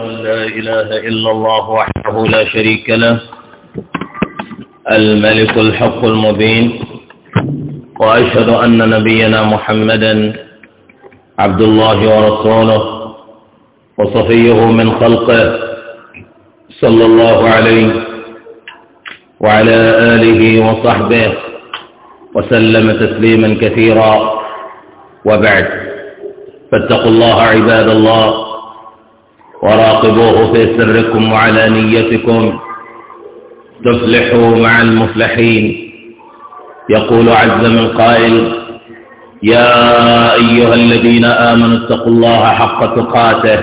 لا إله إلا الله وحده لا شريك له الملك الحق المبين وأشهد أن نبينا محمدا عبد الله ورسوله وصفيه من خلقه صلى الله عليه وعلى آله وصحبه وسلم تسليما كثيرا وبعد فاتقوا الله عباد الله وراقبوه في سركم وعلى نيتكم تفلحوا مع المفلحين يقول عز من قائل يا أيها الذين آمنوا اتقوا الله حق تقاته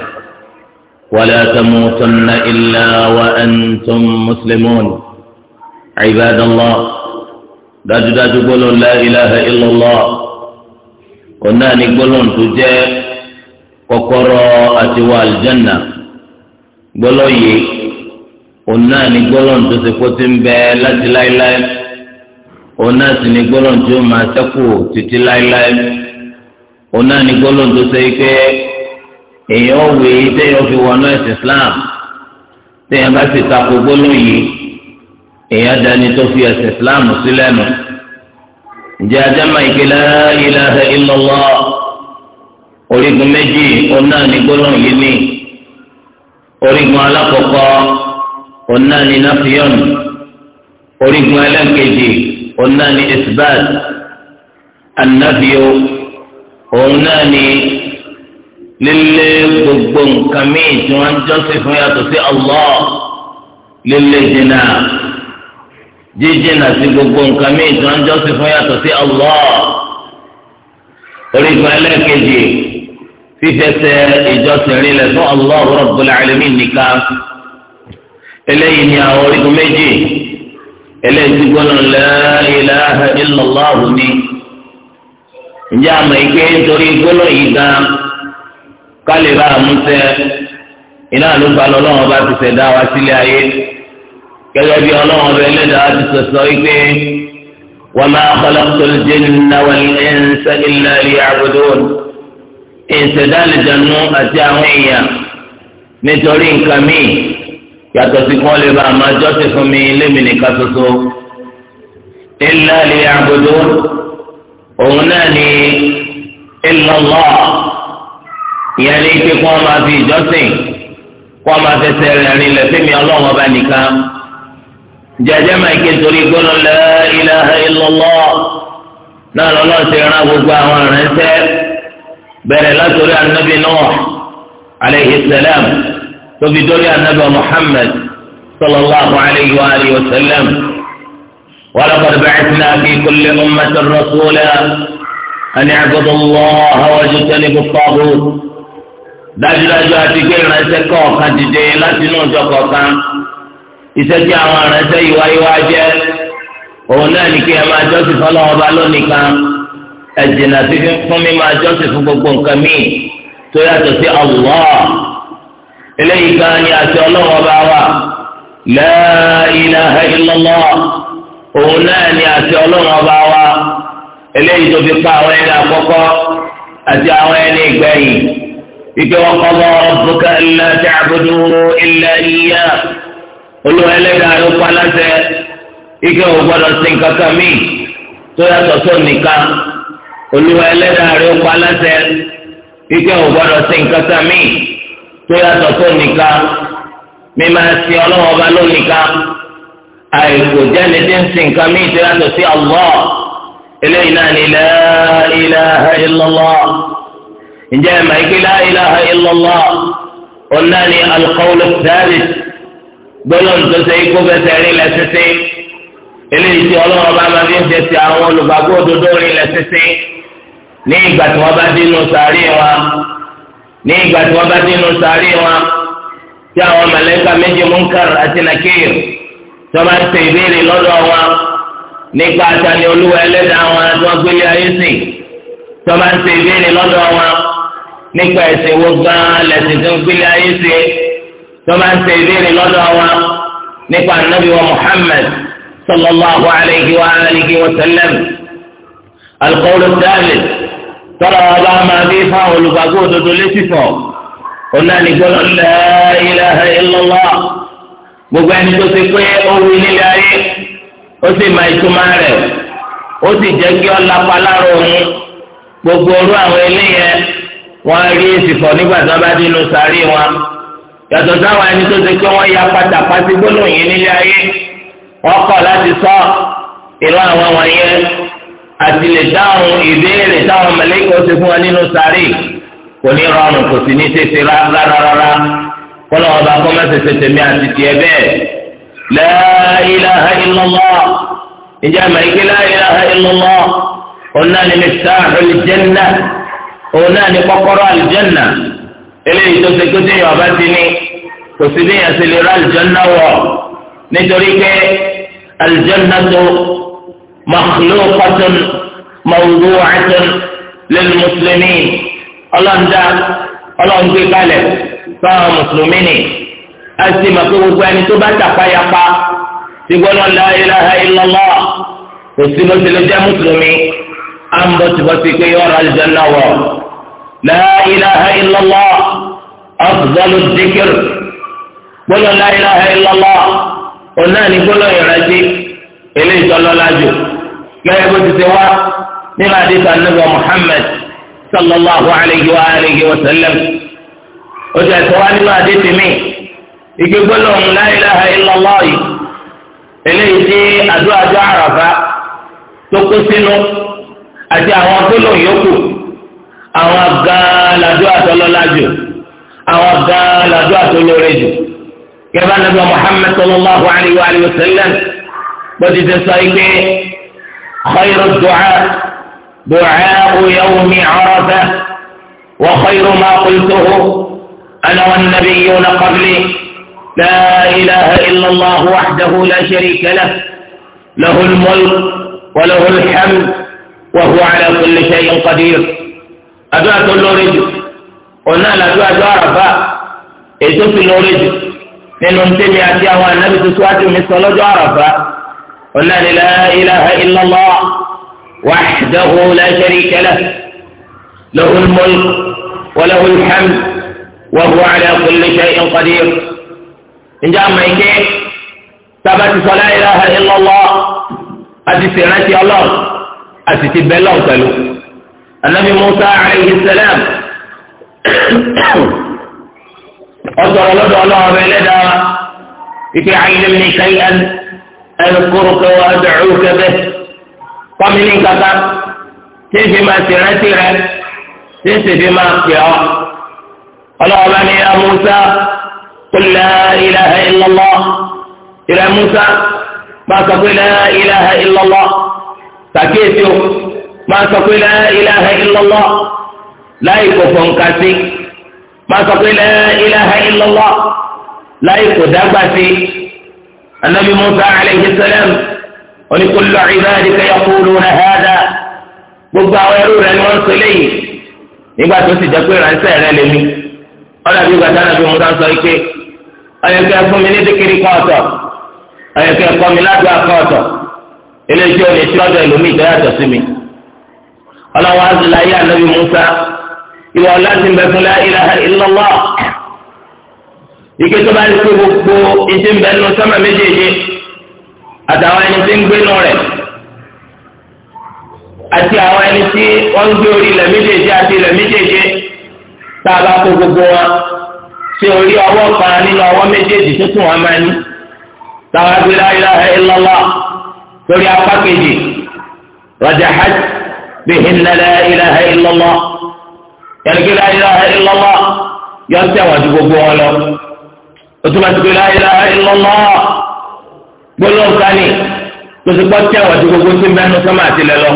ولا تموتن إلا وأنتم مسلمون عباد الله dájúdájú gbólóhùn la ilaha illallah ọ̀nà ni gbólóhùn tó jẹ́ kọ́kọ́rọ́ àti wọ àlùjànnà gbọ́lọ́ yìí Ona ni ní tó ti kó ti ń bẹ láti láéláé òun náà sì tó máa sẹ́kù láéláé òun náà ní gbọ́lọ́ tó ṣe fi wọnú Islam bá sì takò gbọ́lọ́ yìí dání tó fi Islam orígun méjì ọ̀nà ni gbólóhùn yìí ní orígun alákọ̀ọ́kọ́ ọ̀nà ni nafiyon orígun ẹlẹ́kejì ọ̀nà ni isbat anabiyo ọ̀nà ni lílé gbogbo nǹkan míì tí wọ́n ń jọ́sìn fún yàtọ̀ sí Allah lílé jìnnà jíjìnnà sí gbogbo nǹkan míì tí wọ́n ń jọ́sìn fún yàtọ̀ sí Allah orígun ẹlẹ́kejì fífẹsẹ̀ ìjọsìn rinlẹ̀ fún Allahu Rabbul Alamin nìkan eléyìí ni àwọn orígun méjì eléyìí ti gbọ́dọ̀ la ilaha illallah ni ǹjẹ́ àmọ́ ike nítorí gbọ́dọ̀ yìí gan kálíbà àmúṣẹ iná ló ba lọ lọ́wọ́ bá ti ṣẹ̀dá wa sílé ayé gẹ́gẹ́ bí ọlọ́wọ́ bẹ lẹ́dàá ti sọ̀sọ́ ike wa ma khalaqtul jinna wal insa illa liya'budun ìṣẹ̀dálẹ̀dánú àti àwọn èèyàn nítorí nǹkan míì yàtọ̀ sí kí wọ́n lè bá àmọ́ jọ́sìn fún mi lémi nìkan ṣoṣo. ilá lè àgùdó òun náà ni ìlọ́lọ́ ìyẹn ní pé kí wọ́n máa fi ìjọ́sìn kí wọ́n máa fẹsẹ̀ rẹ̀ rìn lẹ́fẹ̀mí ọlọ́run ọba nìkan. jẹjẹ máa ké torí gbọ́dọ̀ la ilaha illallah náà lọ́lọ́ ti rán gbogbo àwọn ìránṣẹ́. bẹ̀rẹ̀ látòrí anabi Nuh alayhi salam tóbi dórí anabi Muhammad sallallahu alayhi wa alihi wa sallam walaqad ba'athna fi kulli ummatin rasulan an i'budu Allaha wajtanibu at-taghut dájúdájú àti gbé ìránṣẹ́ kọ̀ọ̀kan dìde láti inú ìjọ kọ̀ọ̀kan iṣẹ́ tí àwọn ìránṣẹ́ yìí wáyé wá jẹ́ òun náà ní kí ẹ máa jọ́sìn fọlọ́wọ́ bá lónìí kan. ẹ̀jìnà fífi fún mi máa jọ́sìn fún gbogbo nǹkan míì tó yàtọ̀ sí Allah eléyìí gan ni àti ọlọ́wọ́ bá wà la ilaha illallah òun náà ni àti ọlọ́wọ́ bá wà eléyìí tó fi pa àwọn ẹni àkọ́kọ́ àti àwọn ẹni ìgbẹ̀yìn ike wọn kọ́ bọ́ rabbuka alla ta'budu illa iyyah olùwà ẹlẹ́dàá ló pa láṣẹ ike ò gbọ́dọ̀ sí nǹkan kan míì tó yàtọ̀ sóun nìkan olúwa ẹlẹ́dàá rẹ̀ ó pa aláṣẹ ike ò gbọdọ̀ sí nǹkan kan míì tó yàtọ̀ tó nìkan mímá sí ọlọ́wọ́ ọba ló nìkan àìkò jẹ́ni tí ń sin nǹkan míì tó yàtọ̀ sí Allah eléyìí náà ni la ilaha illallah ǹjẹ́ ẹ̀ma ike la ilaha illallah ọ̀nà ni gbọ́dọ̀ tó ṣe ikú fẹsẹ̀ rí lẹ títí eléyìí tí ọlọ́wọ́ ọba máa fi ń ṣe ti àwọn olùgbàgbọ́ òdodo rí lẹ títí ní ìgbà tí wọ́n bá dínú sàárì wọn ní ìgbà tí wọ́n bá dínú sàárì wọn tí àwọn mẹlẹ́ka méjì Munkar àti Nakir tí wọ́n bá ń ṣe ìbéèrè lọ́dọ̀ wọn nípa àtàlẹ́ olúwa ẹlẹ́dàá wọn tí wọ́n gbélé ayé sí tí wọ́n bá ń ṣe ìbéèrè lọ́dọ̀ wọn nípa ẹ̀sìn wo gan-an lẹ́sìn tó gbélé ayé sí tí wọ́n bá ń ṣe ìbéèrè lọ́dọ̀ wọn nípa ànábì wa Muhammad sallallahu alayhi wa alihi wa sallam alqawlu thalith tọ́lá wọn bá máa bí fáwọn olùgbàgbọ́ òdodo létí fọ̀ onáni gbọ́dọ̀ la ilaha illallah gbogbo ẹni tó ti pé ó wí nílé ayé ó sì máa ìtumá rẹ̀ ó sì jẹ́ kí ọ́ lápá lára òun gbogbo orú àwọn eléyẹn wọ́n rí èsì fọ̀ nígbà tí wọ́n bá dínú sàárì wọn yàtọ̀ sáwọn ẹni tó ti pé wọ́n ya pátá pátí gbólóhùn nílé ayé wọ́n kọ̀ láti sọ ìlú àwọn wọ̀nyẹn àti lè dáhùn ìbéèrè táwọn mẹlẹ́kọ̀ ṣe fún wa nínú sáré kò ní rọrùn kò sì ní tètè rárá kọ́nà ọba kọ́ mẹ́sẹ̀ tètè mi àti tiẹ̀ bẹ́ẹ̀ la ilaha illallah ìjà mẹ́kẹ́ la ilaha illallah ọ̀nà ni miftahul janna ọ̀nà ni kọ́kọ́rọ́ àlùjẹ́nà eléyìí tó ṣe kéde yọ̀ ọba ti ní kò sí bí yẹn ṣe lè rà àlùjẹ́nà wọ̀ nítorí pé àlùjẹ́nà tó. مخلوقة موضوعة للمسلمين ọlọ́run dá ọlọ́run gbé kalẹ̀ fáwọn mùsùlùmí ni a sì mọ̀ pé gbogbo ẹni tó bá tàpáyapa ti gbọ́dọ̀ la ilaha illallah kò sí bó tilẹ̀ jẹ́ mùsùlùmí à ń bọ̀ tìbọ̀ sí pé yọ̀ọ́ ràlìjẹ́ náà wọ̀ la ilaha illallah afdalu dhikr gbọ́dọ̀ la ilaha illallah ọ̀nà ni gbọ́dọ̀ yọ̀rọ̀ sí eléyìí tó lọ́lá jù gẹ́gẹ́ bó ti ṣe wá nínú àdìsá nígbà Muhammad sallallahu alayhi wa alayhi wa sallam ó ti ẹ̀sọ́ wá nínú àdìsí mi igi gbólóhùn la ilaha illallah yìí eléyìí tí àdúrà àjọ tó kó sínú àti àwọn gbólóhùn yòókù àwọn gan ladó àtọlọ́lá jù àwọn gan ladó àtọlọ́rẹ́ jù gẹ́gẹ́ bá nígbà Muhammad sallallahu alayhi wa sallam. بدي تسايك خير الدعاء دعاء يوم عرفة وخير ما قلته أنا والنبيون قبلي لا إله إلا الله وحده لا شريك له له الملك وله الحمد وهو على كل شيء قدير أدعى كل رجل قلنا لأدعى جارفة إذن إيه في الرجل لأنهم تمي أتيه النبي سواتي من صلاة جارفة قلنا لا إله إلا الله وحده لا شريك له له الملك وله الحمد وهو على كل شيء قدير إن جاء ما يكي ثبت لا إله إلا الله أتسيرتي الله أتسيب الله تلو النبي موسى عليه السلام أصدر الله الله بلدى عين علمني شيئا أذكرك وأدعوك به طمني كذا كيف ما تنتي ما بما قال الله يا موسى قل لا إله إلا الله إلى موسى ما تقول لا إله إلا الله تكيتو ما تقول لا إله إلا الله لا يكفون كاسي ما تقول لا إله إلا الله لا يكفون كاسي النبي موسى عليه السلام ولكل عبادك يقولون هذا gbogbo àwọn ẹrú rẹ ni wọn ń sọ eléyìí nígbà tó ti jẹ pé ránṣẹ́ rẹ lè mí ọlọbí gbàdá nàbí mo dáńsọ yìí pé ọyọkẹ fún mi ní dìkìrì kan ọ̀tọ̀ ọyọkẹ kọ mi ládùú akọ ọ̀tọ̀ eléyìí tí ó lè tí ọ̀dọ̀ ẹlòmíì tó yàtọ̀ sí mi ọlọwọ azùláyé ànábì Musa ìwà ọlá ti ń bẹ fún la ilaha illallah ike tó bá lè pé gbogbo ìdí ń bẹ nù sọ́mà méjèèjì àtàwọn ẹni tí ń gbé nù rẹ̀ àti àwọn ẹni tí wọ́n ń gbé orí ilẹ̀ méjèèjì àti ilẹ̀ méjèèjì tá a bá kó gbogbo wọn ṣe orí ọwọ́ kan nínú ọwọ́ méjèèjì tó wọn máa ní táwọn agbèrè la ilaha illallah lórí apá kejì rajahat bihinna la ilaha illallah yẹnìkí la ilaha illallah yọ ń tẹ̀wọ̀n ju gbogbo wọn lọ òtún àti pẹ̀lú ayé ayé lọ́lọ́ gbólóhùn kání lọ́sọ̀kọ́ tẹ̀wọ̀n tí gbogbo tí ń bẹ́nu sọ́mà àti ilẹ̀ lọ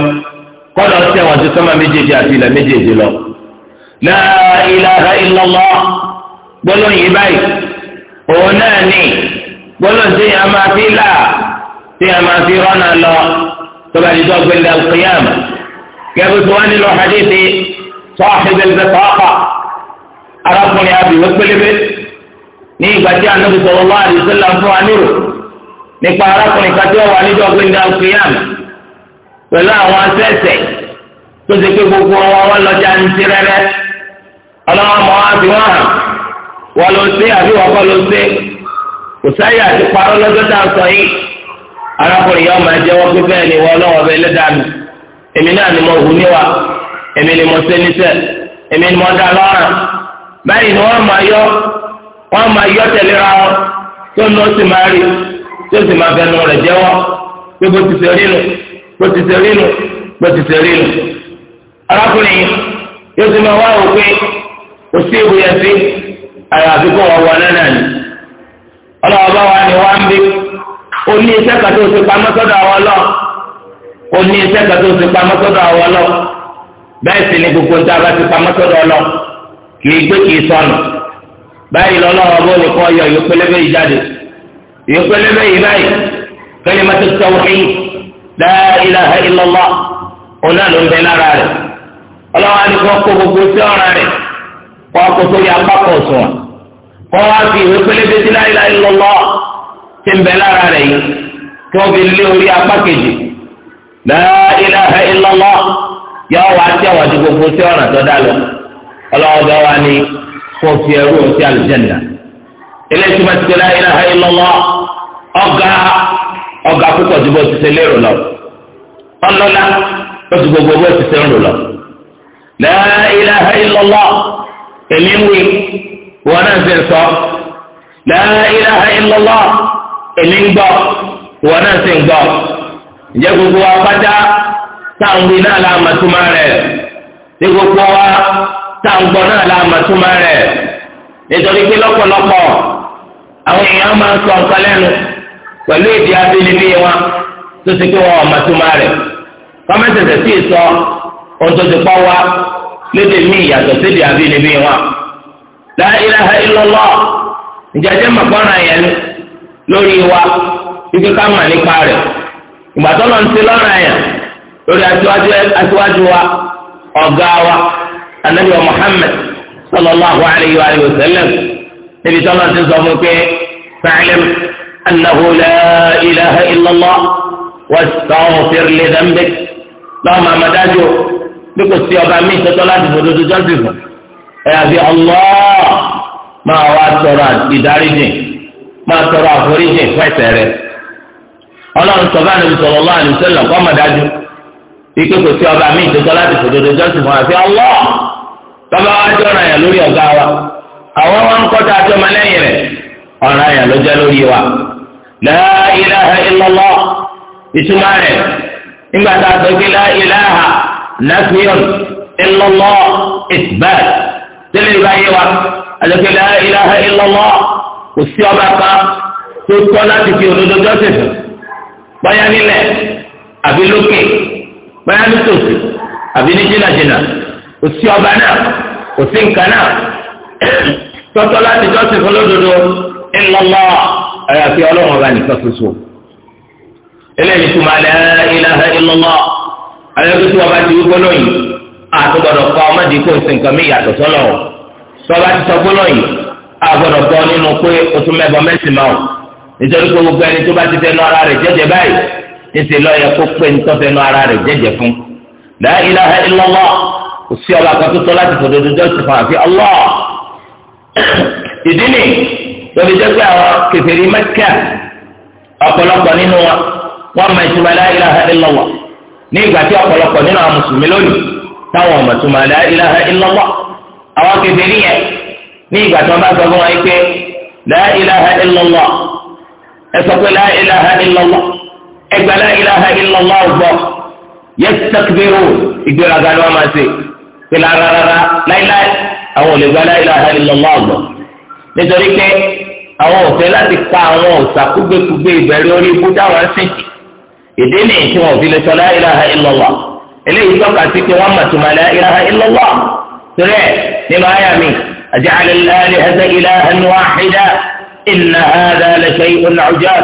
kọ́lọ̀ tẹ̀wọ̀n tí sọ́mà méjèèjì àti ilẹ̀ méjèèjì lọ. la ilaha illallah gbólóhùn yìí báyìí òun náà ní gbólóhùn tí a máa fi là tí a máa fi rọ́nà lọ tọ́ba ìjọ gbẹ̀lẹ̀ alqiyam kẹ́bí tí wọ́n nílò hadithi sọ́ọ̀hìn ní ìgbà tí anabi sallallahu alaihi wasallam fún wa nírò nípa arákùnrin kan tí ó wà níjọ́ gbẹ̀ngà òkèèyàn pẹ̀lú àwọn asẹ́sẹ̀ tó ti pé gbogbo wọn wọn lọ́jà ní ti rẹ́rẹ́ ọlọ́wọ́n mọ́ wá fi wọ́n hàn wọ́n ló ṣe àbí wọ́n kọ́ ló ṣe kò sáyà àti parọ́ lọ́jọ́ tá a sọ yìí arákùnrin yóò máa jẹ́ wọ́n pé bẹ́ẹ̀ ni wọ́n lọ́wọ́ bẹ́ẹ̀ lẹ́dàá mi èmi náà ni mo hù níwà èmi èmi ni mo dá lọ́rùn wọn máa yọ ra, wọn tó ń lọ sí máa rí tó sì máa fẹnu rẹ̀ jẹ́wọ́ pé bó ti ṣe rí nu bó ti ṣe rí nu bó ti ṣe rí nu. arákùnrin yóò ti máa wá òpin kò sí ìbòyẹ sí àyàfi kó wọn wọ náà ni ọlọ́wọ́ bá wà ní wá ń bí ó ní iṣẹ́ kan tó ti pamọ́ sọ́dọ̀ àwọn lọ ó ní iṣẹ́ kan tó ti pamọ́ sọ́dọ̀ àwọn lọ bẹ́ẹ̀ sì ni gbogbo ń tá a bá ti pamọ́ sọ́dọ̀ lọ kì í gbé kì í sọnù báyìí lọ́lọ́wọ́ bó ní kọ́ yọ ìwé pélébé yìí jáde ìwé pélébé yìí báyìí kalimatu tawhid la ilaha illallah ọ̀nà ló ń bẹ lára rẹ̀ ọlọ́wọ́ àdìgbò kó gbogbo sí ọ̀ràn rẹ̀ kọ́ kó sórí apákọ̀ sùn kọ́ wá fi ìwé pélébé sí la ilaha illallah ti ń bẹ lára rẹ̀ yìí kí wọ́n fi lé orí apá kejì la ilaha illallah yọ wá tí àwọn àdìgbò kó sí ọ̀ràn tó dá lọ kó fi ẹrú ọtí eléyìí tó bá ti tẹ̀lé ilaha illallah ọ̀gá ọ̀gá púpọ̀ ju bó ti tẹ̀lé rò lọ ọlọ́lá ó ti gbogbo bó ti tẹ̀lé rò lọ la ilaha illallah èmi ń wí wọn náà ti sọ la èmi ń gbọ́ wọn náà ti gbọ́ táǹgbọ̀n náà la mọ̀ túmọ̀ rẹ̀ nítorí pé lọ́pọ̀lọpọ̀ àwọn èèyàn máa ń sọ nǹkan lẹ́nu pẹ̀lú èdè abínibí wọn tó ti pé wọn ò mọ̀ túmọ̀ rẹ̀ kọ́mẹ́tẹ̀tẹ̀ sì sọ ohun tó ti pọ̀ wá lédè sédè abínibí wọn. yẹn lórí wa ká mà nípa rẹ̀ ìgbà tó lọ ń ti lọ́rọ̀ yẹn lórí aṣíwájú wa ọ̀gá wa. anabi wa muhammed sallallahu alayhi wa sallam níbi tí wọn ti sọ fún pé fàcilm anahu la ilaha illallah wa astaghfir li dhanbik lọ́wọ́ màmá dájú bí kò sí ọba mi ìtọ́tọ́ láti fò dodo jọ́sìn fún ẹ̀ àbí allah máa wá tọrọ ìdáríjì máa tọrọ àforíjì fún ẹ̀ṣẹ̀ rẹ̀ ọlọ́run sọ bá níbi sallallahu alayhi wa sallam kọ́ mọ̀ dájú ike kò sí ọba mi ìtọ́jọ́ láti fòdodo jọ́sìn fún wa sí ọlọ́ bàbá wa jẹ́ ọ̀ràn yẹn lórí ọ̀gá wa àwọn wa ń kọ́ta àti ọmọ lẹ́yìn rẹ̀ ọ̀ràn yẹn ló jẹ́ lórí wa la ilaha ìtumá rẹ̀ nígbà tá a sọ pé la ilaha nafiyun illallah isbat tẹ́lẹ̀ ìbáyé wa àjọpẹ́ la ilaha kò sí ọba kan tó tọ́ láti fi òdodo jọ́sìn fún báyà nílẹ̀ àbí lókè. báyà nítòsí àbí ní jìnnàjìnnà kò ọba náà kò nǹkan náà tọ́tọ́ láti jọ́sìn fún lódodo ńlọ́lọ́ àyàfi ọlọ́run ọba nìkan ṣoṣo eléyìí tó máa lẹ́ ilaha illallah ayọ́dún tí wọ́n ti wí gbólóyìn àtúgbọ̀dọ̀ kọ́ ọmọdé kó o nǹkan mí yàtọ̀ sọ́lọ̀ o ti sọ àgbọ̀dọ̀ nínú pé o tún níṣẹ́ lọ́yẹ kó pé ní tọ́fẹ́ nu ara rẹ̀ jẹ́jẹ́ fún. la ilaha illallah kò sí ọba kan tó tọ́ láti fòdodo jọ́sìn fún àfi Allah. ìdí ni lórí jẹ́ pé àwọn kèfèrí Mẹ́kà ọ̀pọ̀lọpọ̀ nínú wa wọ́n mọ ìtumọ̀ la ilaha illallah ní ìgbà tí ọ̀pọ̀lọpọ̀ nínú àwọn mùsùlùmí lónìí táwọn ọmọ ìtumọ̀ la ilaha illallah àwọn kèfèrí yẹn ní ìgbà tí wọ́n bá sọ fún wa yìí pé la ilaha illallah ẹ sọ pé la ilaha illallah ẹgbẹ̀lá ilaha illallah gbọ́ yẹ sẹ́kìbìrù ìgbéraga ni wọ́n máa ṣe pèlà rárára láíláí àwọn ò lè gbẹ̀lá ilaha illallah gbọ́ nítorí pé àwọn ọ̀fẹ́ láti pa àwọn ọ̀sà kúgbèkúgbè ìbẹ̀rẹ̀ orí ibú táwọn ń sìn ìdí nìyí tí wọn fi lè sọ la ilaha illallah eléyìí tọ́ka sí pé wọ́n mọ̀túnmọ̀ la ilaha illallah torí nínú àyà mi aj'ala al-alihata ilahan wahida inna hadha la shay'un 'ujab.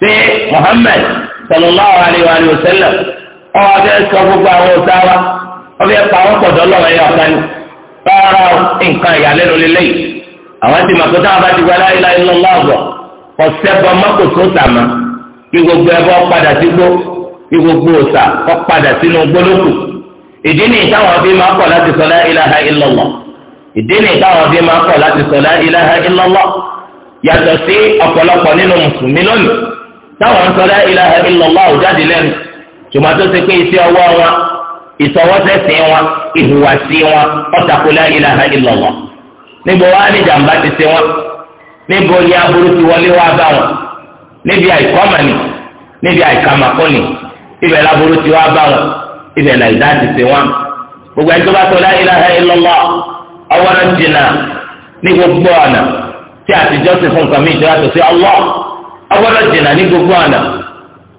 sí mohammed sallallahu alayhi wa sallam ọwọ́ fẹ́ sọ gbogbo àwọn ọ̀tá wa wọ́n fẹ́ pa àwọn pọ̀dọ́ ya ẹ̀yà ọ̀tá ni rárá nǹkan ìyàlẹ́nu lélẹ́yìí àwọn ti màkó táwọn bá ti gba la ilaha illallah ebe ọ̀sẹ́bọ̀ mọ́kòtò sàmà kí gbogbo táwọn máa láti sọ táwọn ń sọ la ilaha illallah jáde lẹ́nu ṣùgbọ́n tó ṣe pé iṣẹ́ ọwọ́ wọn ìsọwọ́sẹ̀sìn wọn ìhùwàsí wọn ọ̀tàkùn la ilaha illallah níbo wá ní jàǹbá ti ṣe wọn níbo ní aburú ti wọlé wá bá wọn níbi àìkọ́mọ̀nì níbi àìkàmàkọ́nì ibẹ̀ laburú ti wá bá wọn ibẹ̀ làìdá ti ṣe wọn gbogbo ẹni tó bá sọ la ilaha illallah ọwọ́ náà jìnnà ní gbogbo ọ̀nà ọgbọ́dọ̀ jìnnà ní gbogbo ọ̀nà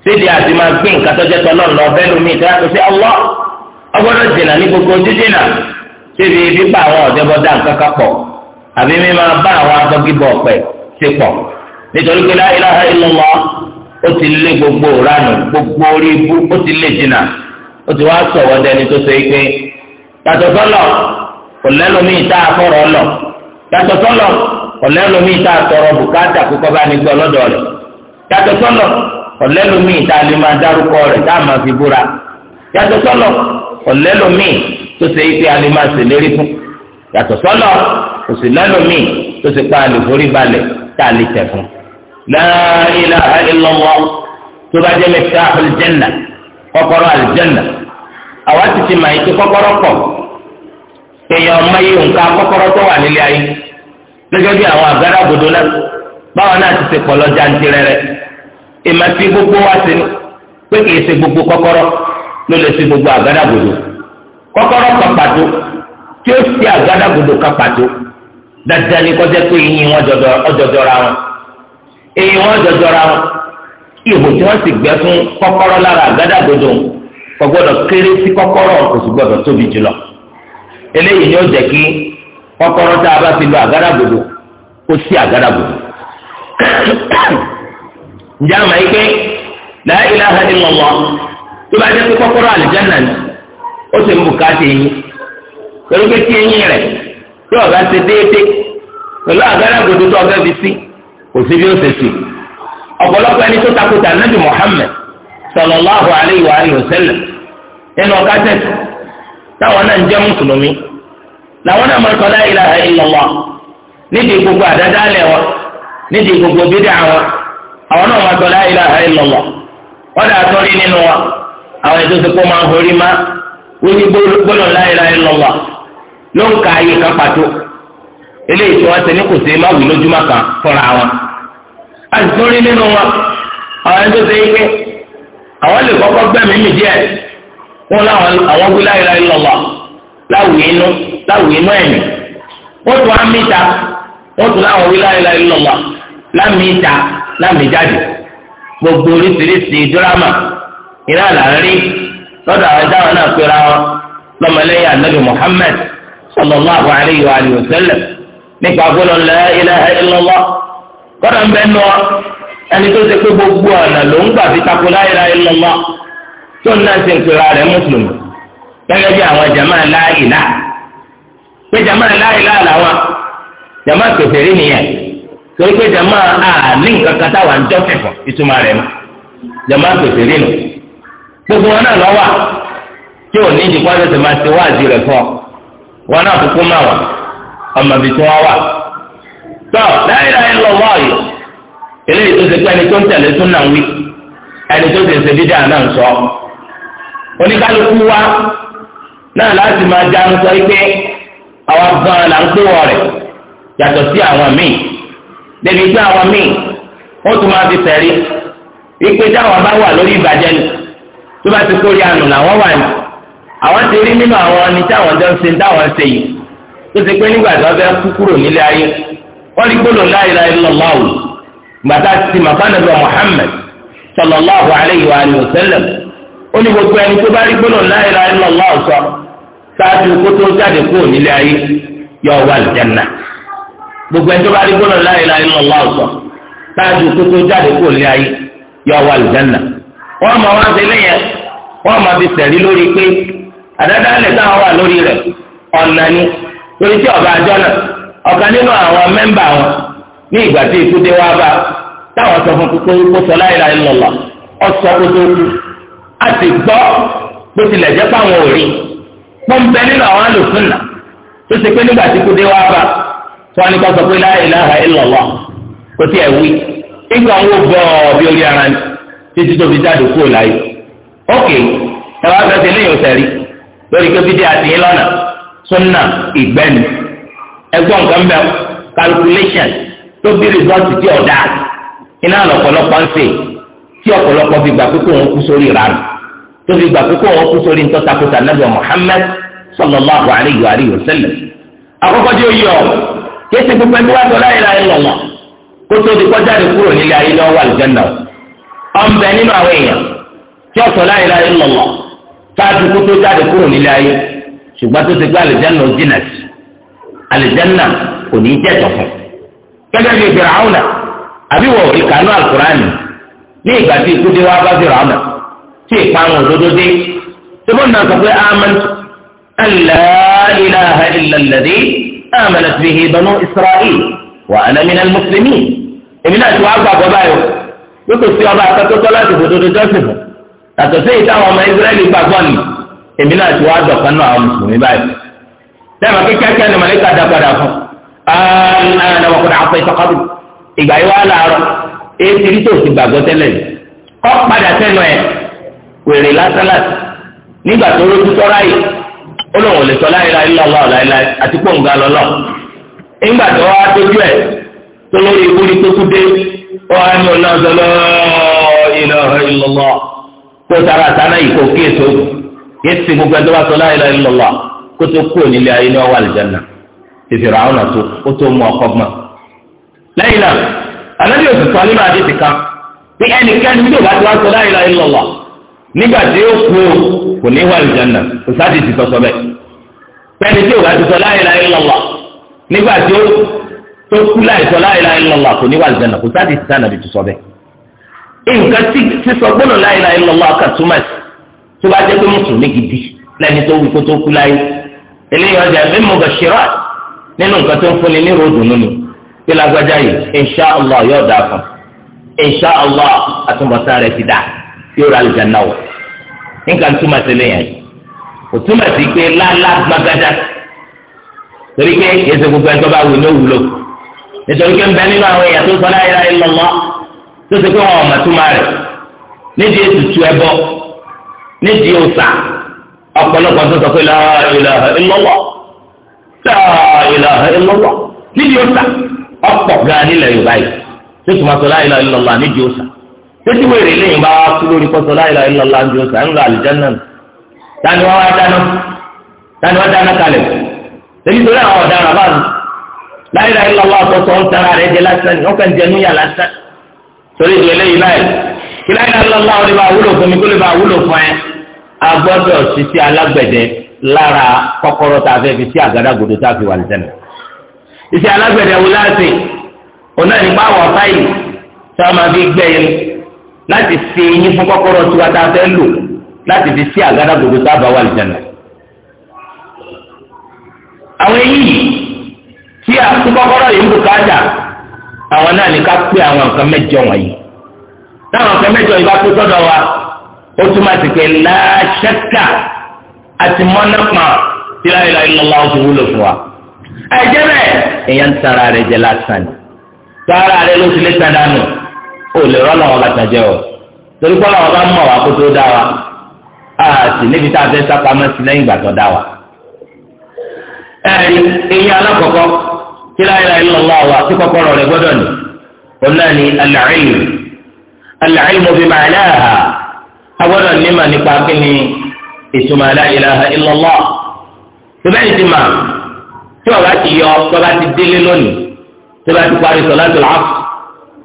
sídi àti máa gbé nǹkan tó jẹ́ lọ bẹ́ẹ̀ lómi ìtura kò ọlọ́ jìnnà ní gbogbo jíjìnà síbi bíbá àwọn ọ̀dẹ́bọ̀ dá nǹkan kan pọ̀ àbí mi máa bá àwọn agbọ́gibọ̀ ọ̀pẹ ti pọ̀ nítorí pé ó ti lé gbogbo gbogbo orí ibú ó ti lé jìnnà ó ti wá sọ̀wọ́ dẹni tó ṣe pé yàtọ̀ sọ́lọ̀ kò yàtọ̀ sọ́lọ̀ ọ̀lẹ́lòmíì tá a lè máa dárúkọ rẹ̀ tá a máa fi búra yàtọ̀ sọ́lọ̀ ọ̀lẹ́lòmíì tó ṣe é pé a lè máa ṣèlérí fún yàtọ̀ sọ́lọ̀ òṣìlẹ́lòmíì tó ṣe pa àlè forí balẹ̀ tá a lè tẹ̀ fún. la ilaha illallah tó bá jẹ́ miftahul janna kọ́kọ́rọ́ àlìjẹ́nà àwa ti ti màá ike kọ́kọ́rọ́ pọ̀ èèyàn ọmọ yìí nǹkan kọ́kọ́rọ́ tó wà nílé ayé gẹ́gẹ́ bí àwọn àgádágodo náà báwọn náà ti ti pọ̀ lọ́jà ń ìmọ̀ tí gbogbo wa ti ní pé kì í ṣe gbogbo kọ́kọ́rọ́ ló lè ṣe gbogbo àgádágodo kọ́kọ́rọ́ kan pàtó tí ó ṣe àgádágodo kan pàtó dandan ni kọjá pé eyín wọn jọjọra wọn eyín wọn jọjọra wọn ihò tí wọn sì gbẹ́ fún kọ́kọ́rọ́ lára àgádágodo kò gbọ́dọ̀ kéré sí kọ́kọ́rọ́ kò sì gbọ́dọ̀ tóbi jùlọ eléyìí ni ó jẹ́ kí kọ́kọ́rọ́ tá a bá fi lo àgádágodo ó ṣe àgádágodo ǹjẹ́ àmà yìí pé la ilaha illallah tó bá jẹ́ pé kọ́kọ́rọ́ àlùjáná ni ó sì ń bùkátà eyín pẹ̀lú pé tí eyín rẹ̀ tí ọ̀gá ṣe déédéé pẹ̀lú àgádágodo tó ọ̀gá fi sí kò sí bí ó ṣe sí ọ̀pọ̀lọpọ̀ ẹni tó takùtà nábì Muhammad sallallahu alayhi wa alihi wa sallam nínú ọ̀gá tẹ̀sí táwọn náà ń jẹ́ mùsùlùmí làwọn náà máa sọ la ilaha illallah nídìí gbogbo àdáda lẹ̀ nídìí gbogbo bídà wọn àwọn náà máa sọ la ilaha illallah wọ́n dà tó nínú wa àwọn ètò ìsìnkú máa ń horí má ní ló ń ka ayé kan pàtó eléyìí tí a ti ní kò sí má wù lójúmọ́ kan wọn. a sì nínú wa àwọn ètò ìsìnkú pé àwọn lè mi la láàmì jáde gbogbo oríṣiríṣi dírámà iná àlárí lọ́dọ̀ àwọn dáhùn náà pera wọn lọ́mọlẹ́yìn anabi muhammed sallallahu alayhi wa alihi wa sallam nípa gbọ́dọ̀ la ilaha illallah gbọ́dọ̀ ń bẹ́ nù ọ́ ẹni tó ṣe pé gbogbo ọ̀nà ló ń gbà fi takò la ilaha illallah tó ń náà ṣe ń pera rẹ̀ mùsùlùmí gẹ́gẹ́ bí àwọn jama la ilaha pé jama la ilaha làwọn jama kèfèrí nìyẹn. torí pé jama àní nǹkan kan táwa ń jọ́sìn jama rí gbogbo wọn náà tí ò ní ti ọ wọn náà kúkú máa wà ọmọ ibi tí wà. láyé láyé lọ eléyìí tó ṣe pé ẹni tó ń náà ń wí ẹni tó ṣe ń ṣe dídá náà ń sọ oníkálukú wa náà láti máa sọ pé gan débi tí àwọn míì Otu tún máa fi sẹ̀rí ìpè tí àwọn bá wà lórí ìbàjẹ́ ni tó bá ti kórè àná làwọn wà ní àwọn ti rí nínú àwọn ẹni tí àwọn jọ ń ṣe táwọn ṣe yìí tó ti pé nígbà tí kú kúrò nílé ayé Muhammad sallallahu alayhi wa sallam ó ní gbogbo ẹni tó bá rí sọ sáájú kótó jáde kúrò nílé ayé yọ wà gbogbo ẹjọ́ bá rí gbọ́dọ̀ la ilaha illallah ọ̀sọ̀ táàdù kótó jáde kó lé ayé yọ wà lùjánà wọn mọ̀ wọ́n ṣe léyẹ wọn mọ̀ fi sẹ̀rí lórí pé àdáda lè táwọn wà lórí rẹ ọ̀nà ni tí ọba àjọ náà ọ̀kan nínú àwọn mẹ́mbà wọn ní ìgbà tí wá bá táwọn sọ fún kókó kó sọ kótó kú a ti gbọ́ bó tilẹ̀ jẹ́ pàwọn òrí wọ́n ní ká sọ pé la ilaha illallah kò tí ẹ̀ wí nígbà wo gbọ́ bí orí ara ni títí tó fi jáde kúrò láyé ókè ẹ̀rọ afẹ́sẹ̀ lẹ́yìn ọ̀sẹ̀ rí lórí pé bídí àtìyín lọ́nà súnà ìgbẹ́ni ẹgbọ́n nǹkan bẹ́ẹ̀ calculation tó bí rìsọ́ọ̀tì tí ọ̀dà iná lọ̀pọ̀lọpọ̀ ń sè tí ọ̀pọ̀lọpọ̀ fi gbà pé kó wọn kú sórí ìranù tó fi gbà pé kó wọn kú sórí ntọ́takùtà nàbẹ̀ Muhammad sallallahu alayhi wa sallam. àkọ́kọ́ tí ó yọ kéésì gbogbo ẹni wá sọlá ìlà ìlọ lọ kó tó di kọjá rẹ kúrò nílé ayé lọ wà lùjẹnà ọmọbẹ nínú àwọn èèyàn tí ọsọlá ìlà ìlọ lọ sáájú kó tó jáde kúrò nílé ayé ṣùgbọ́n tó ti gbé àlùjẹnà jìnà sí àlùjẹnà kò ní í jẹ́ tọ̀fún gẹ́gẹ́ bí Fìràwọn àbí wọ̀ orí àlùkùránì ní ìgbà tí ikú dé wá bá amanat bihi banu israel wa ana minal muslimin èmi náà ti wá gbàgbọ́ báyìí o yóò sí ọba akẹ́kọ̀ọ́ láti fòdodo jọ́sìn fún yàtọ̀ sí ìta àwọn ọmọ israẹli gbàgbọ́ ni èmi náà ti wá dọ̀kan náà àwọn mùsùlùmí báyìí lẹ́ẹ̀ma kí kíákíá ni màlíkà dá padà fún ààrẹ ọkùnrin àpò ìtọ́kọ́bù ìgbà yìí wá láàárọ̀ èyí ti rí tòsí gbàgbọ́ tẹ́lẹ̀ kọ́ padà sẹ́nu ẹ̀ wèrè lásánlásì nígbà tó rójú tọ́ráyè ụlọ lóun lè sọ láìláì lọ́lọ́ láìláì àti pòǹgà lọ́lọ́ nígbà tó wá dójú ẹ̀ tó lórí ìwúrí tó kú dé wọ́n á ní ọlọ́dọ̀ ilaha illallah kó tara àtàná yìí kó kí èso yé ti sọ láìláì lọ́lọ́ kó tó kú onílé ayé ní ọwọ́ àlìjáná ó tó mú ọkọ gbọ́n. lẹ́yìn náà kò ní wà lùjánà kò sáàdì ti sọsọ bẹ́ẹ̀ pẹ́ẹ́ni tí o bá ti sọ la ilaha illallah nígbà tí ó tó kú láì sọ la ilaha illallah kò ní wà lùjánà kò sáàdì ti sànà ti sọ bẹ́ẹ̀ nǹkan tí sísọ gbọ́dọ̀ la ilaha illallah kà túmọ̀ sí tó bá jẹ́ pé mùsùlùmí gidi lẹ́ni tó wù kó tó kú láyé eléyìí ọjà mi mú bàṣírà nínú nǹkan tó ń fúnni ní ròdù nínú kí lágbájá yìí nǹkan túmọ̀ sí lẹ́yìn àyè kò túmọ̀ sí pé lálá gbàgádá torí pé yẹsẹ gbogbo ẹjọ bá wù ní òwúlò nítorí pé ń bẹ nínú àwọn èèyàn tó sọ la ilaha illallah tó ṣe pé wọn ò mọ̀túmọ̀ rẹ̀ nídìí ètùtù ẹbọ nídìí òòṣà ọ̀pọ̀lọpọ̀ tó sọ pé la ilaha illallah la nídìí òòṣà ọ̀pọ̀ gan nílẹ̀ Yorùbá yìí tó tún sọ la ilaha nídìí òòṣà pété wèrè lẹ́yìn bá wá kú lórí kọsọ láìla ìlọ láńdì ọsà ń lọ àlùjáná tani wọn wá dáná tani wọn dáná kalẹ̀ tẹbi torí àwọn ọ̀daràn bá mi láìla ìlọ wá kọsọ ń tara rẹ̀ jẹ lásán ní ọkàn jẹ níyà lásán torí ìlú eléyìí láì kí láìla ìlọ wá wọlé bá wúlò fún mi kó lè bá wúlò fún ẹ agbọ́dọ̀ ṣíṣí alágbẹ̀dẹ láti ọ̀nà ìpáwọ̀ fáìlì tí a máa fi gbẹ́ láti ṣe eyín fún kọ́kọ́rọ́ tiwa tá a fẹ́ lò láti fi sí àgádágodo tá a bá wà lìjànà. àwọn eyín yìí tí a fún kọ́kọ́rọ́ yìí ń bò káàjà àwọn náà ní ká pé àwọn nǹkan mẹ́jọ wọ̀nyí táwọn nǹkan mẹ́jọ yìí bá tó sọ́dọ̀ wa ó tún máa ti pè láṣẹ́kà àti mọ́nàpá tí láyé láyé lọ́la ó ti wúlò fún wa. ẹ̀jẹ̀ bẹ́ẹ̀ èèyàn ń tara rẹ̀ jẹ lásán ni tara rẹ̀ ló ti lé ó lè rọ́ lọ́wọ́ bàtà jẹ́ o torí pé ọlọ́wọ́ bá mọ̀ wá kó tó dá wa a sì níbi tá a fẹ́ sápamọ́ sí lẹ́yìn ìgbà tó dá wa. ẹ̀rí eyín alákọ̀ọ́kọ́ tí láyé lọ́wọ́ wa tí kọ́kọ́rọ́ rẹ̀ gbọ́dọ̀ ní òun náà ní al-ilm al-ilm bi ma'naha agbọ́dọ̀ nímà nípa kí ni ìtumọ̀ la ilaha illallah tẹ́lẹ̀ ti mà tí ọba ti yọ tọ́ba ti délé lónìí tọ́ba ti parí sọ̀lá tó lọ́kùn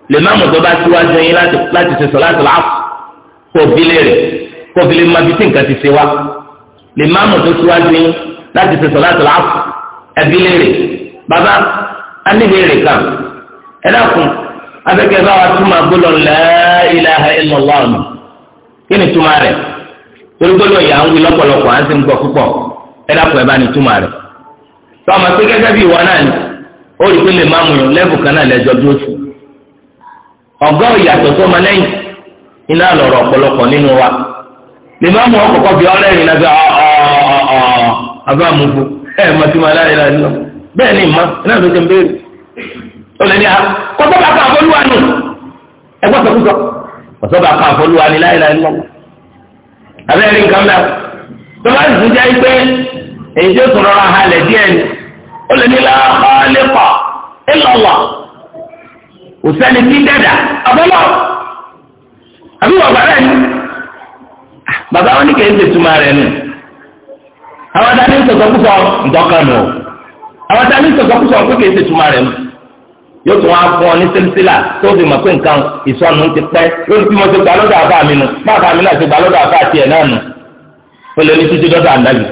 lè má mọ̀ tó bá síwájú yín láti ṣe sọ láti láàfù kó bílé rẹ̀ kó bílé má bìtì nǹkan ti ṣe wá lè má mọ̀ tó síwájú yín láti ṣe sọ láti láàfù ẹbílé rẹ̀ bàbá aníbèrè kan ẹ dákun afẹ́kẹ́ bá wa túmọ̀ gbọ́dọ̀ la ilaha illallah ọ̀nà kí ni túmọ̀ rẹ̀ torí yà ń wí lọ́pọ̀lọpọ̀ à ń sì ń gbọ́ púpọ̀ ẹ dákun ẹ bá ní túmọ̀ rẹ̀ tọ́ ọmọ pé gẹ́gẹ́ bí ìwọ náà ni ó rí pé lè má mú yàn lẹ́bù kan náà lẹ́jọ́ dúró sí i ọ̀gá ìyàtọ̀ tó ma lẹ́yìn iná lọ̀rọ̀ ọ̀pọ̀lọpọ̀ nínú wa lè má mú ọkọ̀ kọfí ọ̀rẹ́ yìí lábẹ́ abá mufu ẹ̀ má ti ma láyé láyé lọ bẹ́ẹ̀ ni ìmá iná ló ti ń béèrè ó lè ní a ah, kọ́tọ́ bá kàn fọlúwa nù ẹ gbọ́dọ̀ kúkọ́ kọ́tọ́ bá kàn fọlúwa ní lọ abẹ́ rí nǹkan náà tó bá sì jẹ́ pé èyí tó rọra halẹ̀ díẹ̀ ni ó lè ní láàpá lẹ́pà ẹ̀ kò sẹ́ni dị dẹ́dà ọ̀bọ́lọ́ àbí wọ́n gbàrà ni bàbá wọn ní kì í ṣe túmọ̀ rẹ̀ nù àwọn dání sọ̀sọ̀kúsọ ǹdọ́kànnù àwọn dání sọ̀sọ̀kúsọ pé kì í ṣe nù yóò tún wá fún ọ ní tó mọ̀ pé nǹkan ìsọnù ti pẹ́ yóò fi mọ̀ sí lọ́dọ̀ àbá mi nù mi náà ti lọ́dọ̀ àbá tiẹ̀ náà nù ní títí dọ́dọ̀ àndájú.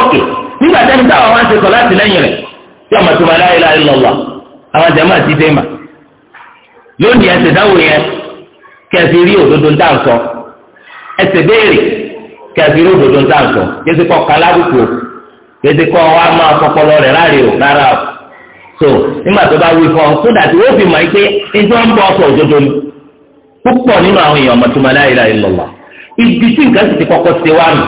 ok nígbà wá ń ṣe sọ láti lẹ́yìn rẹ̀ àwọn jama ti dé mà lónìí ẹsẹ̀ dáwò yẹn kẹsì rí òdodo ń dáhùn sọ ẹsẹ̀ béèrè kẹsì rí òdodo ń dáhùn sọ yẹsẹ̀ kọ́ kalábùkù o yẹsẹ̀ kọ́ wa máa kọ́kọ́lọ́ rẹ̀ láre o rárá o so nígbà tó bá wí fún ọ kódà tí wọ́n fi mọ̀ pé ẹjọ́ ń bọ̀ ọkọ̀ òdodo ni púpọ̀ nínú àwọn èèyàn ọmọtúmọ̀ la ilaha illallah ibi tí nǹkan sì ti kọ́kọ́ ṣe wá nù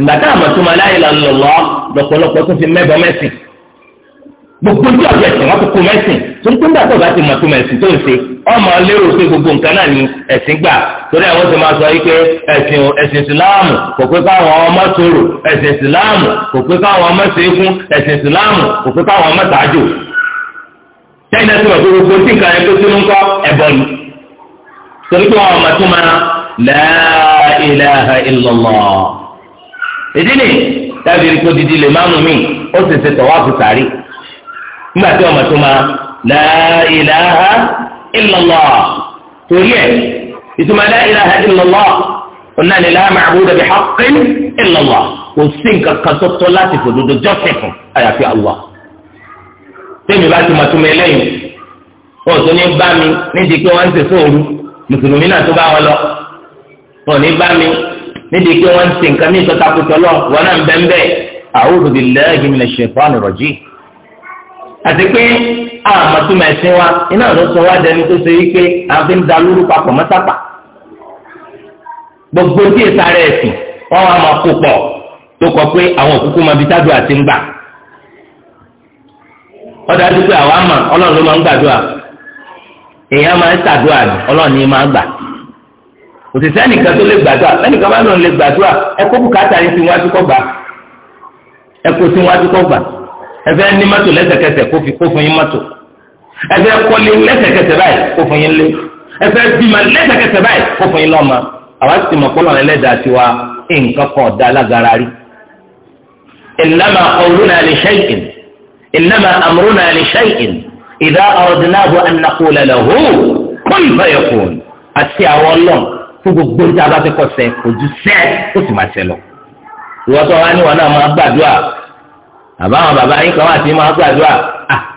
ìgbà tá àmọ̀túmọ̀ la ilaha illallah lọ́pọ̀lọpọ̀ tó fi mẹ́bọ mẹ́sìn gbogbo tí ọ̀jẹ̀ tí wọ́n ti kó mẹ́sìn bá ti mọ̀ tó mẹ́sìn tó ń ṣe ọmọ lérò pé gbogbo nǹkan náà ni ẹ̀sìn gbà torí àwọn ti máa sọ yìí pé ẹ̀sìn ẹ̀sìn ìsìláàmù kò pé káwọn ọmọ sòrò ẹ̀sìn ìsìláàmù kò pé káwọn ọmọ ẹ̀sìn ìsìláàmù kò pé káwọn ọmọ tàájò. sẹ́yìn náà ti pé gbogbo tí nǹkan yẹn tó nígbà tí ọmọ tó máa la ilaha illallah torí ẹ̀ ìtumọ̀ la ilaha illallah ọ̀nà ni la ma'buda bi haqqin illallah kò sí nǹkan kan tó tọ́ láti fòdodo jọ́sẹ̀fù àyàfi Allah tẹ́mi bá ti mọ̀ tó mẹ́lẹ́yìn wọn ò tó ní bá mi nídìí pé wọ́n ń sèso mùsùlùmí náà tó bá wọn lọ wọn ní bá mi nídìí pé wọ́n ń nǹkan mí ìtọ́ta kùtọ́ lọ wọn náà ń bẹ́ẹ̀ bẹ́ẹ̀ a'udhu billahi minash shaitani rajim àti pé àmọ̀túmọ̀ ẹ̀sìn wa iná ló sọ wá dẹni tó ṣe wípé à ń fi ń da lóru papọ̀ mọ́tàpà gbogbo tí èsà rẹ̀ ẹ̀sìn wọ́n wá máa kó pọ̀ tó kọ pé àwọn òkúkú máa bí tájú àti ń gbà ọ̀dájú pé àwa mà ọlọ́run ló máa ń gbàdúrà èèyàn máa ń ṣàdúrà ní ọlọ́run ní máa ń gbà òṣìṣẹ́ ẹnìkan tó lè gbàdúrà ẹnìkan bá lòun lè gbàdúrà ẹ kó bùkátà yín sí wájú kọ́ gbà ẹ kó sí wájú kọ́ gbà ẹfẹ́ ní mọ́tò lẹ́sẹ̀kẹsẹ̀ kó fi kó fún yín mọ́tò ẹfẹ́ kọ́lé lẹ́sẹ̀kẹsẹ̀ báyìí kó fún yín lé ẹfẹ́ bímọ lẹ́sẹ̀kẹsẹ̀ báyìí kó fún yín lọ́mọ àwa sì mọ̀ kọ́lọ̀ ẹlẹ́dàá tiwa nǹkan kan ọ̀dà alágara rí. innama qawluna li shay'in innama amruna li shay'in idha aradnahu an naqula lahu kun fayakun àti àwọn ọlọ́run kọ́ sẹ́ kò ju sẹ́ ó sì máa ṣẹlọ. ìwọ́sọ̀ àbá àwọn bàbá yín kan wà tí máa gbàdúrà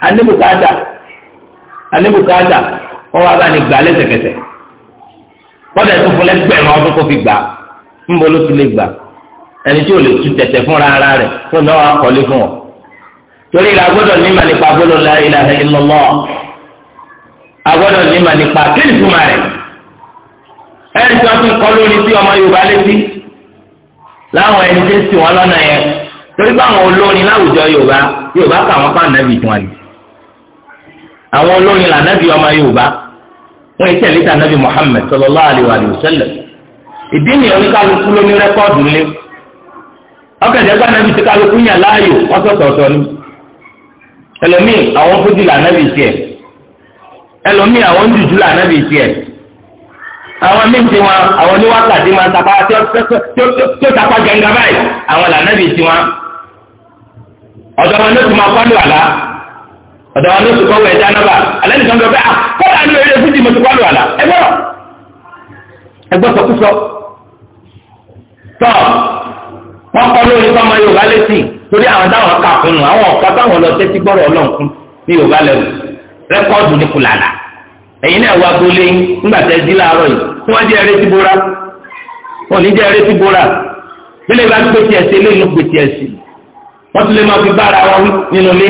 anibukata anibukata wọn wá bá ní gbà lẹ́sẹ̀kẹsẹ̀ kọ́dà tó fún lẹ́gbẹ̀rún ọdún kó fi gbà ń lè gbà ẹni tí ò lè tu tẹ̀tẹ̀ ara rẹ̀ náà fún ọ. torí gbọ́dọ̀ nímà nípa gbọ́dọ̀ la agbọ́dọ̀ nímà nípa rẹ̀ ẹni tí wọ́n ti kọ́ lórí ọmọ Yorùbá láwọn ẹni tí ń sìn wọn torí pé àwọn olórin láwùjọ yorùbá yorùbá kà wọ́n pa ànábì tí wọ́n àwọn olórin lànàbì ọmọ yorùbá wọ́n yìí tẹ̀lé tí ànábì muhammed sallallahu alaihi wa ìdí ni oníkálukú gba yàn láàyò ni ẹlòmíì àwọn fújì lànàbì tiẹ̀ ẹlòmíì àwọn jùjú lànàbì tiẹ̀ àwọn méjì wọn àwọn oníwákàtí máa ń tapá tí ó tapá ọ̀dọ̀ wọn ló ti máa kọ́ àlùwàlá ọ̀dọ̀ wọn ló ti kọ́wé ẹja náà bá alẹ́ nìkan bẹ́ẹ̀ bẹ́ẹ̀ kọ́lá ní eré fújì mo ti kọ́ àlùwàlá ẹgbọ́ ẹgbọ́ sọkúsọ tọ́ wọ́n kọ́ lórí fọmọ Yorùbá létí torí àwọn táwọn kà fún un àwọn ọ̀pá táwọn lọ tẹ́tí gbọ́rọ̀ ọlọ́nkún ní Yorùbá lẹ́wù rẹ́kọ́ọ̀dù ní kùlàlà ẹ̀yin náà wá gbolé ńgbà tẹ́ di láàárọ̀ yìí tí wọ́n jẹ́ eré tí bora wọ́n ní jẹ́ eré tí bora bí lè bá gbé tiẹ̀ sí eléyìí ló wọ́n tún lè máa fi bára wọn wí nínú ilé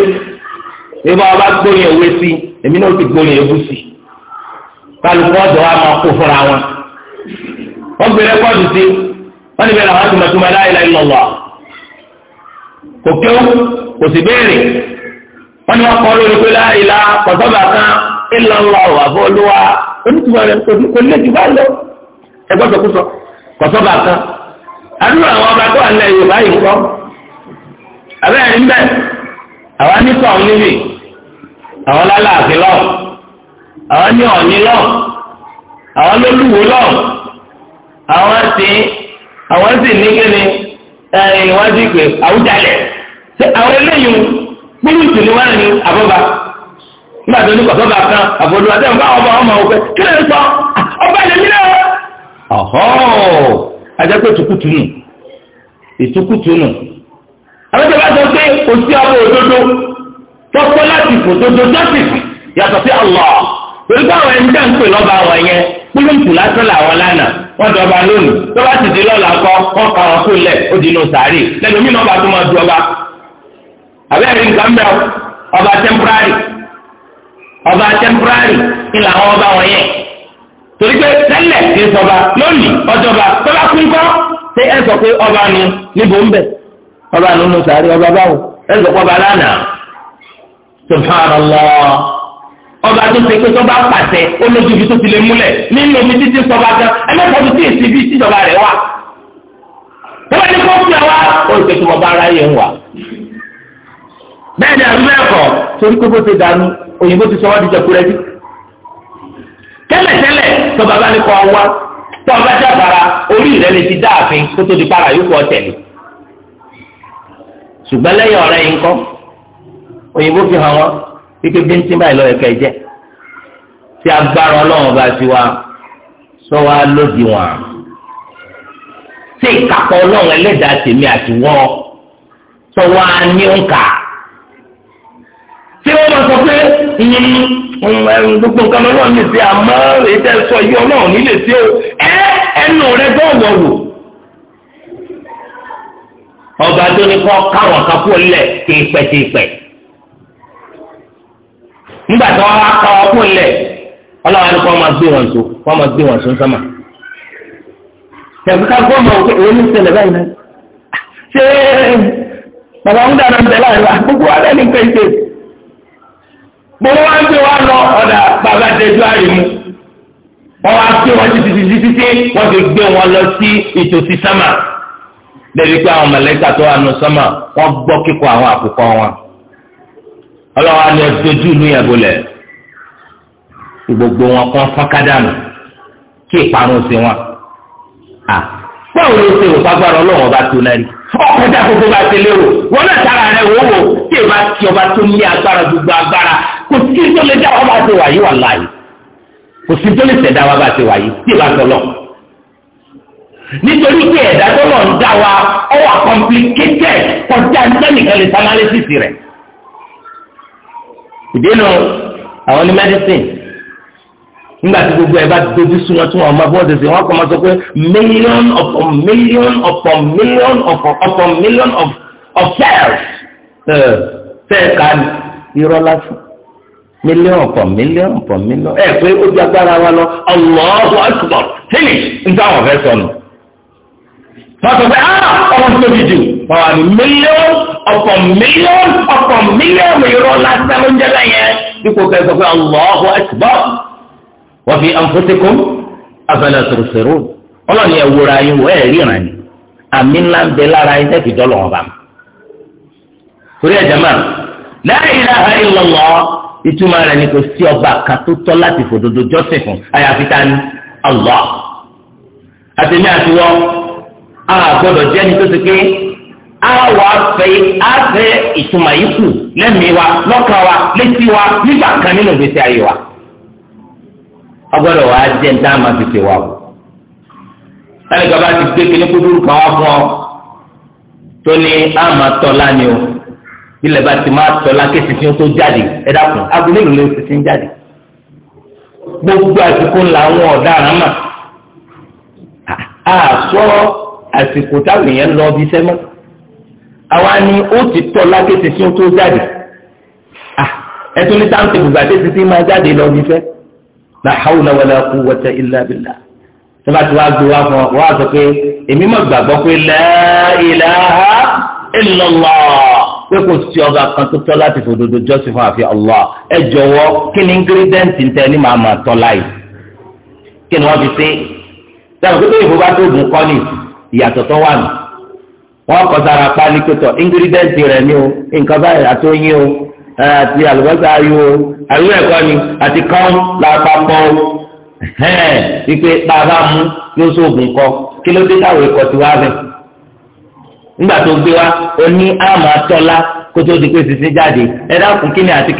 ìbá wa bá gbóyè ewé sí èmi náà ti gbóyè ewu sí kálukú ọ̀dọ̀ wa máa kó fúnra wọn wọ́n gbé rẹ́kọ́ọ̀dù sí wọ́n ní bẹ̀rẹ̀ àwọn àtúmọ̀túmọ̀ láìláì lọ́wọ́ kò kéwù kò sì béèrè wọ́n ní wọ́n kọ́ lórí pé láìlá kọ̀sọ́bà kan ìlànà wà fún olúwa onítùmọ̀ rẹ̀ kò lè jù bá lọ ẹgbẹ́ sọkúsọ kọ̀sọ́bà kan àdúrà àwọn ọba tó wà Yorùbá yìí kọ́ abẹ́rẹ́ ń bẹ̀ àwa ní sọ̀rọ̀ níbi àwọn lálàáfin lọ àwọn ní ọ̀ní lọ àwọn lólùwò lọ àwọn sì àwọn sì ní kíni ẹ̀yìn wọ́n ti pè ṣé àwọn eléyìí gbólú ìtùnú wà ní àbọ̀bà nígbà tó ní kan àti ọmọ ọmọ òkè kí ọba ìlú nílẹ̀ ọ̀họ́ ajá pé tukutu nù ìtukutu nù. àwọn ìjọba sọ pé kò sí ọmọ òdodo tọ́pọ́ láti fò dodo justice yàtọ̀ sí Allah torí báwọn ẹni dá ń pè lọ́ba àwọn yẹn pílíǹpù lásán làwọn lánàá wọ́n dọba lónìí tó bá ti di lọ́la kọ́ wọ́n kà wọ́n kó lẹ̀ ó di inú sàárè lẹ́nu mí náà bá tó máa du ọba àbẹ́rẹ́ nǹkan bẹ́ẹ̀ ọba temporary ọba temporary ni làwọn ọba wọn yẹn torí pé tẹ́lẹ̀ ti sọba lónìí ọjọba tọ́lá kúńkọ́ ṣé ẹ sọ pé ọba nu níbo ń bẹ̀ ọba nínú sàárì ọba báwo ẹsẹ̀ kọ́ ọba lánàá subhanallah ọba tó ṣe pé tọ́ba pàṣẹ ó lójú ibi tó ti lè múlẹ̀ nínú omi títí sọba kan ẹlẹ́kọ̀ọ́ tó ti èsì bí tíjọba rẹ̀ wá tọ́ba ní kó fi àwa ó ṣe kí ọba ara yẹn wà bẹ́ẹ̀ ni àbí bẹ́ẹ̀ kọ́ torí pé bó ṣe dànù òyìnbó ti sọ wá di jẹkulẹ́ bí tẹ́lẹ̀tẹ́lẹ̀ tọ́ba bá ní kọ́ wá tọ́ba jábàrà orí rẹ̀ lè ti dáàfin kó tó di para yóò kọ́ tẹ̀lé ṣùgbọ́n lẹ́yìn ọ̀rẹ́ yìí ńkọ́ òyìnbó fi hàn wọ́n wípé bíntín báyìí lọ́yẹ̀ kẹ́ jẹ́ tí agbára ọlọ́run bá ti wá sọ wá lódì wọn tí ìkápọ̀ ọlọ́run ẹlẹ́dàá tèmi àti wọ́n sọ wá ní òǹkà tí wọ́n máa sọ pé gbogbo nǹkan ọlọ́run lè ṣe àmọ́ ètò ẹ̀sọ́ yìí ọlọ́run nílé ṣe ẹ ẹnu rẹ gbọ́ wọ̀ ọba tó ní kọ́ káwọn kan kú lẹ̀ tìpẹ̀tìpẹ̀ nígbà tí wọ́n bá kọ́ kú ni kọ́ máa gbé wọn tó kọ́ máa gbé wọn tó sọ́mà tẹ̀síkà kó mọ̀ òkè òun ní ṣẹlẹ̀ báyìí náà ṣé bàbá ń dáná bẹ̀ láàrin wa gbogbo wa bẹ́ẹ̀ ní pèsè gbogbo ń gbé wa lọ ọ̀dà bàbá tẹ̀jú wọ́n wá gbé wọn títí títí wọ́n ti gbé débi pé àwọn mẹlẹ́kà tó wà nù sọ́mà wọ́n gbọ́ kíkọ àwọn àkùkọ wọn ọlọ́wọ́ àni ẹ̀dójú ní ẹ̀bùlẹ̀ gbogbo wọn kọ́ fọ́nkádànù kí ìparun sí wọn. báwo ló ṣe òkú agbára ọlọ́wọ́ bá tó náà rí ọkọjá gbogbo bá ti lérò wọn náà tara rẹ wò wò tí èèbá tí ọba tó ní agbára gbogbo agbára kò sí tó lè dá wọn bá ti wà yí wà láàyè kò sí tó lè tẹ̀dá wọn bá ti wà yí tí èèbá tọ̀ lọ́wọ́. nítorí pé ẹ̀dá tó lọ wa ọ wà complicated kọjá nítẹ́nìkan lè sanalysis rẹ̀. ìdènà àwọn ní medicine nígbà tí gbogbo ẹ bá dojú sún tí wọn máa bọ́ọ̀dù sí wọn kọ́ máa sọ pé million upon million upon million upon million of of cells fẹ́ẹ̀ka irọ́ lásán million upon million upon million ẹ pé ó ju agbára wa lọ Allahu Akbar finish nígbà wọn fẹ́ wọ́n sọ pé ah, ọmọ tó tóbi jù wọ́n wà ní mílíọ̀nù ọ̀pọ̀ mílíọ̀nù ọ̀pọ̀ mílíọ̀nù irọ́ lásán ló ń jẹ́ lẹ́yìn dípò kẹsàn pé Allahu akbar wa fi anfusikum afala tubsirun ọlọ́ni ẹ̀ yín wọ́n ẹ̀ ríran àmì ńlá ń bẹ lára yín tẹ́kì dọ́lọ̀ wọn bá torí ẹ̀ jẹ́mà la ilaha àtẹ̀mí àtiwọ́ a gbọ́dọ̀ jẹ́ ní tó ti pé a wà fẹ́ a fẹ́ ìtumọ̀ yìí kù lẹ́mìí wa lọ́kàn wa létí wa nígbà kan nínú ìgbésí ayé wa a gbọ́dọ̀ wà á jẹ́ ní táwọn máa fi ṣe wa o láti gbà bá ti gbé kíní kúndúrú kan wá fún ọ tó ní a máa tọ́ lánìí o ilẹ̀ bá ti máa tọ́ lákè sí fún tó jáde ẹ dákun aago mélòó ló ti fi ń jáde gbogbo àsìkò ńlá àwọn ọ̀daràn mà á sọ àsìkò táwọn èèyàn lọ bí sẹ́mọ́ àwa ni ó ti tọ́ lákété tí ó tó jáde ah, ẹ tún ní táǹtì bùgbà tètè tí máa jáde lọ bí fẹ́ la hawla wala quwwata illa billah nígbà tí wàá gbé wá fún ọ wàá sọ pé èmi mọ̀ gbàgbọ́ pé la ilaha pé kò sí ọba kan tó tọ́ láti fòdodo jọ́sìn fún àfi Allah ẹ jọ̀wọ́ kí ni ingírídẹ́ǹtì ń tẹ ní màá tọ́ láì kí ni wọ́n fi ṣe é sẹ́wọ̀n pé ìfowópamọ́ tó gùn kọ́ nìyí. ìyàtọ̀ tó wà nù wọ́n kọ sára pálí ni o nǹkan báyìí àti oyin o àti àlùbọ́sà o àyùrọ̀ ẹ̀kọ́ ni àti kán lápapọ̀ o hẹ́ẹ̀ wípé bàbá mú yóò sóògùn kọ kí ló dé táwọn ikọ̀ ti wá bẹ̀. nígbà tó gbé wa ó ní àmà tọ́lá kó tó di pé jáde ẹ dákun àti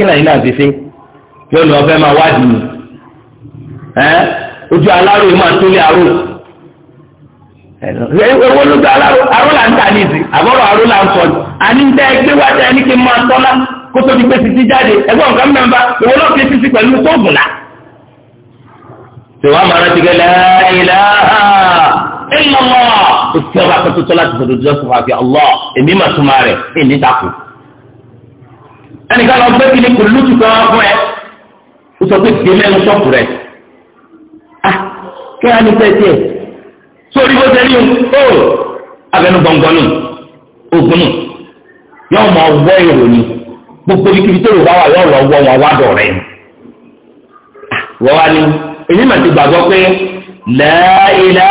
ewo ló gbé aró là ń tà ní ìsìn àbọ̀rọ̀ aró ń sọ àní ń tẹ́ ẹgbẹ́ wá tẹ́ ẹni kí n máa tọ́lá kó tó di pé títí jáde ẹgbẹ́ nǹkan mẹ́mbà ìwọ náà fi títí pẹ̀lú sóògùn là. tèwá màrán ti gẹlẹ́ ilá ìlọ́wọ́ òsì ọba akẹ́tọ́ tọ́lá ti sọ̀rọ̀ jọ́sọ̀ fàáfi ọlọ́ èmi mà súnmọ́ rẹ̀ èmi dàkú. ẹnìkan lọ gbé ah, kí sórí bó ṣe rí o ó abẹnú gbọ̀ngàn nù ogun nù yóò mọ ọwọ́ ìròyìn gbogbo ibi tó yorùbá wà yóò lọ wọ wọn wá dọ̀ rẹ̀ wọ́n wá ní èyí mà ti gbàgbọ́ pé lẹ́ẹ̀lá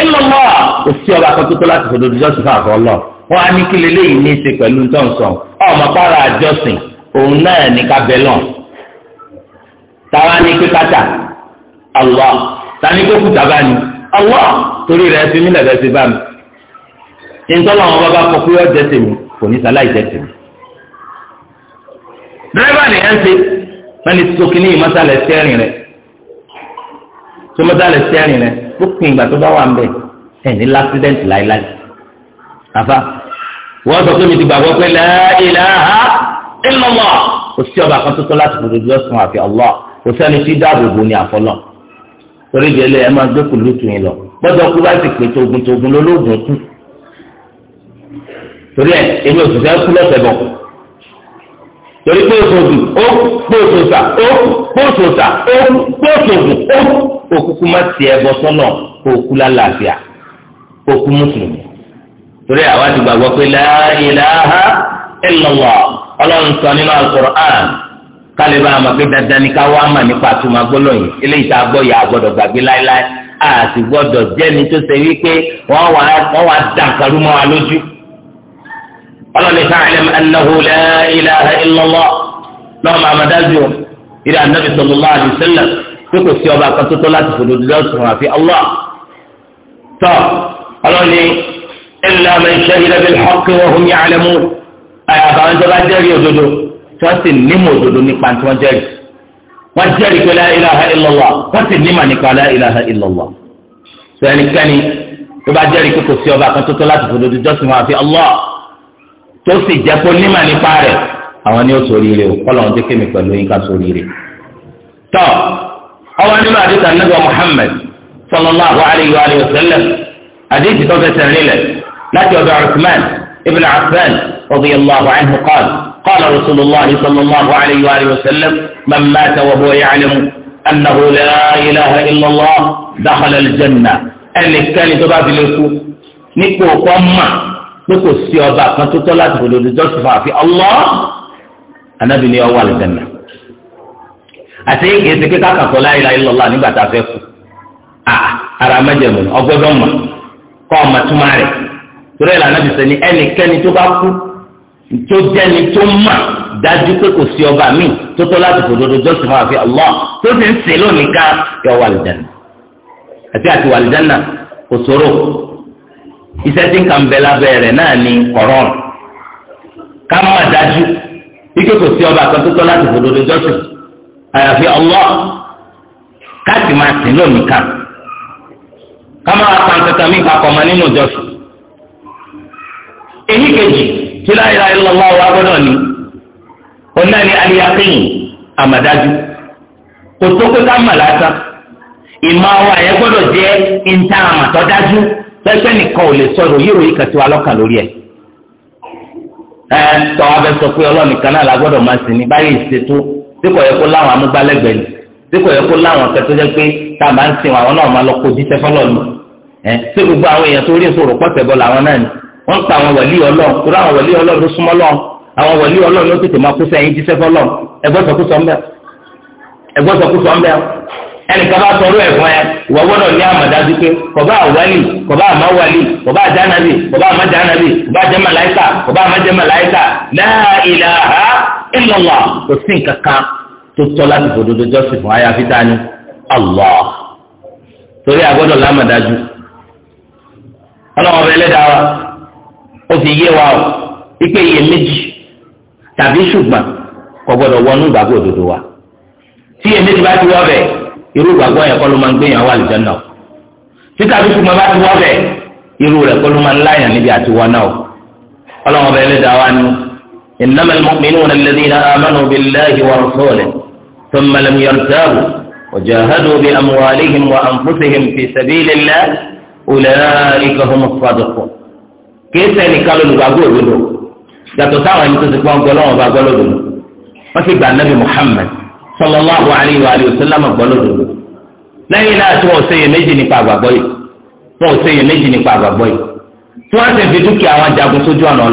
ìlọ́lọ́ kò sí ọba akọ́kọ́tọ́ láti fòdò jọ́sìn fún àgọ́ lọ wọ́n á ní kí lélẹ́yìn ní í ṣe pẹ̀lú ntọ́nsọ̀n ọmọ pàrọ̀ àjọsìn òun náà ní kábẹ́lọ̀ táwa ní pípátà àlọ́ tani pé kùtà bá ní. Allah torí rẹ̀ fi mí lẹ̀bẹ̀ sí bá mi ìtọ́lọ̀ wọn bá bá kọ pé ó jẹ́sẹ̀ mi kò ní sáláì jẹ́sẹ̀ mi. dírẹ́bà ni ẹ ń ṣe wọ́n ní sọ́kì ní ìmọ̀sálẹ̀ sẹ́rìn rẹ̀ tó mọ̀sálẹ̀ sẹ́rìn rẹ̀ ó pin ìgbà tó bá wà ń bẹ̀ ẹ̀ ní lásídẹ̀ǹtì láíláí. àfa wọ́n sọ pé mi ti gbàgbọ́ pé la ilaha illallah kò sí torí ìjẹlẹ ẹ máa gbé pẹ̀lú tùyìn lọ gbọ́dọ̀ kú bá ti pè togun togun lológun kú torí ẹ èmi ò sì fẹ́ kú lọ́sẹ̀ bọ̀ torí pé oṣooṣù ó pé oṣooṣà ó pé oṣooṣà ó pé oṣooṣù ó òkùnkùn má tiẹ̀ bọ́ sọ́nà kó o kú lálàáfíà kó o kú mùsùlùmí torí àwa ti gbàgbọ́ pé la ilaha illallah ọlọ́run sọ nínú al-Qur'an kálí bá a mọ̀ pé dandan ni ká wá mà nípa àtúmọ̀ agbọ́lọ́yìn eléyìí tá a gbọ́ yà á gbọ́dọ̀ gbàgbé láéláé a sì gbọ́dọ̀ jẹ́ni tó ṣe wípé wọ́n wà wọ́n wà dàǹkarú mọ́ wa lójú. ọlọ́ni káàlẹ́m annahu la ilaha illallah náà máa ma dájú ìrẹ́ anabi sallallahu alaihi wasallam pé kò sí ọba kan láti fòdò dídá sùn àfi allah. tọ́ ọlọ́ni illa man shahida bil tí wọ́n sì nímọ̀ òdodo nípa tí wọ́n jẹ́rìí wọ́n jẹ́rìí pé la ilaha illallah wọ́n sì nímọ̀ nípa la ilaha illallah sọ ẹnikẹ́ni tó bá jẹ́rìí pé kò sí ọba kan tó tó láti fòdodo jọ́sìn wọn àfi Allah tó sì jẹ́ kó nímọ̀ nípa rẹ̀ àwọn ni ó sórí rẹ̀ o kọ́lọ̀ ọ̀dẹ́ kémi pẹ̀lú yín ká sórí rẹ̀ tọ́ ọwọ́ nínú àdìsá nígbà Muhammad sallallahu alayhi wa sallam àdìsí قال رسول الله صلى الله عليه وآله وسلم من مات وهو يعلم أنه لا إله إلا الله دخل الجنة ẹnikẹ́ni tó bá fi lè kú nípò kọ́mà pé kò sí ọba kan tó tọ́ láti bòlò lójọ́ sí fàáfi Allah anábì ni ọwọ́ àlùjánnà àti èsì kíkà kàkọ́ la ilaha illallah nígbà tá a fẹ́ kú ara mẹ́jẹ̀mù ọgbọ́dọ̀ mọ̀ kọ́ ọmọ túmọ̀ rẹ̀ torí ẹ̀ lànà bìsẹ̀ ni ẹnikẹ́ni tó bá kú tó jẹ́ni tó mọ̀ dájú pé kò sí ọba mi tó tọ́ láti fòdodo jọ́sìn fún àfi Allah tó sì ń sè lónìí ká yọ wàlìjánà àti àti kò sòrò iṣẹ́ tí ń kà ń bẹ náà ni kọ̀rọ̀n ká má dájú ike kò ọba kan tó tọ́ láti fòdodo jọ́sìn àyàfi Allah káàtì máa sè lónìí ká ká má pa nǹkan kan tí la ilaha illallah wa gbọ́dọ̀ ní òun náà ní aliyakín àmàdájú kò tó pé ká mà lásán ìmọ̀ wa yẹn gbọ́dọ̀ jẹ́ ìta àmàtọ́ dájú pẹ́pẹ́ nìkan ò lè sọ̀rọ̀ yíro yìí kàtí wa lọ́kàn lórí ẹ̀ ẹ tọ́ abẹ sọ pé ọlọ́nìkan náà la gbọ́dọ̀ máa sìn ní báyìí ṣètò tí yẹ kó láwọn amúgbálẹ́gbẹ̀ẹ́ ni yẹ kó láwọn akẹ́tọ́ pé tá a máa ń sìn àwọn náà máa lọ kojú sẹ́fọ́lọ́ọ̀nù ẹ tí gbogbo àwọn èèyàn tó rí ìṣòro pọ̀ làwọn náà ni wọ́n ń pa àwọn wàlí ọlọ torí àwọn ọlọ ọlọ ló súnmọ́ lọ́run àwọn wàlí ọlọ ló tètè máa kú sẹ́yìn jíṣẹ́ fọlọ́run ẹgbọ́sọkúsọ ńbẹ ẹgbọ́sọkúsọ ńbẹ ẹnìkan bá sọ ọ̀rọ̀ ẹ fún ní kọba àwálì kọba kọba kọba kọba àjẹmàláìkà kọba náà kò sí tó láti fún ayé torí ó fi yé wa o ipe iye méjì tàbí ṣùgbọ́n kò gbọdọ̀ wọnú ìgbàgbọ́ òdodo wa tí iye méjì bá ti wọ́ bẹ̀ irú ìgbàgbọ́ yẹn kọ́ ló máa ń gbé yàn wá àlùjánnà o tí tàbí ṣùgbọ́n bá ti wọ́ bẹ̀ irú rẹ̀ kọ́ ló máa ń láyàn níbi àti wọ́n náà ọlọ́run ọba ẹlẹ́dàá wa ni innamal mu'minuna alladhina amanu billahi wa rasulihi thumma lam yartabu وجاهدوا بأموالهم وأنفسهم في سبيل الله أولئك هم الصادقون kìí sẹ́nìkan lọ́lùgbàgbọ́ òdodo yàtọ̀ sáwọn ẹni tó ti pọ́n gbọ́lọ́ bá gbọ́ lódodo wọ́n ti gba nabi Muhammad sallallahu alayhi wa sallam lẹ́yìn náà tí wọ́n méjì nípa àgbàgbọ́ yìí wọ́n méjì nípa àgbàgbọ́ yìí tí wọ́n ti fi dúkìá wọn jagun sójú ọ̀nà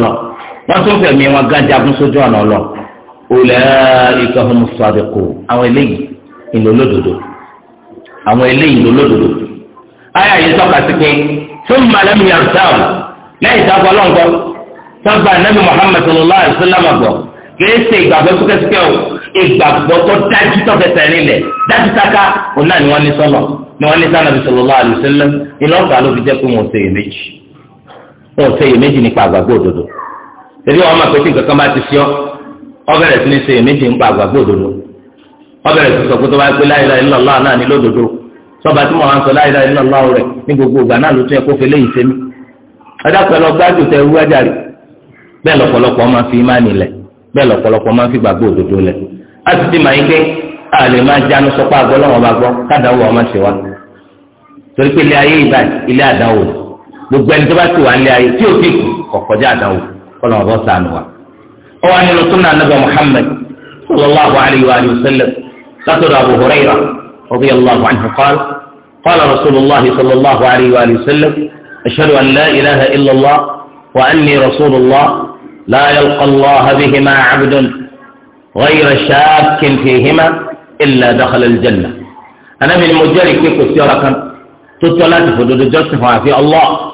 wọ́n tún fẹ̀mí wọn gán jagun sójú ọ̀nà lẹ́yìn tí a gbọ́ lọ́ngbọ́ sábà anabi muhammed sallallahu alayhi wa sallam gbọ́ kìí ṣe ìgbàgbọ́ súkẹ́súkẹ́ o ìgbàgbọ́ tó dájú tó fẹsẹ̀ nílẹ̀ dájú sáká òun náà ni wọ́n ní sọ́lọ̀ ni wọ́n ní sànàbí sallallahu alayhi wa sallam ìlọ́ọ̀gá ló fi jẹ́ pé wọ́n ṣèyí méjì wọ́n ṣèyí méjì nípa àgbàgbọ́ òdodo tẹ̀lé wọn máa pé nǹkan kan bá sọ pé tó bá pé sọ rẹ̀ ní adákọ̀ ẹ̀ lọ gbádùn tẹ ewu ajáre bẹ́ẹ̀ lọ́pọ̀lọpọ̀ máa fi má nílẹ̀ bẹ́ẹ̀ lọ́pọ̀lọpọ̀ máa fi gbàgbọ́ òdodo lẹ̀ a ti ti mà yín pé a lè máa jánu sọpá àgọ́ lọ́wọ́ bá gbọ́ kádàáwò ọmọ ṣe wa torí pé ilé ayé ìgbà ilé àdáwò gbogbo ẹni tó bá ti wà ilé ayé tí ò fi kọ̀ kọjá àdáwò kọ́lọ́wọ́ bọ́ sànù wa. ó wà nínú súnà anábà Muhammad sallallahu alayhi wa sallam látọ̀dọ̀ Abu Hurairah radiyallahu anhu qala qala rasulillah sallallahu alayhi wa sallam أشهد أن لا إله إلا الله وأني رسول الله لا يلقى الله بهما عبد غير شاك فيهما إلا دخل الجنة أنا من مجرد كيف سيارة تتلات فدود جوسفها في الله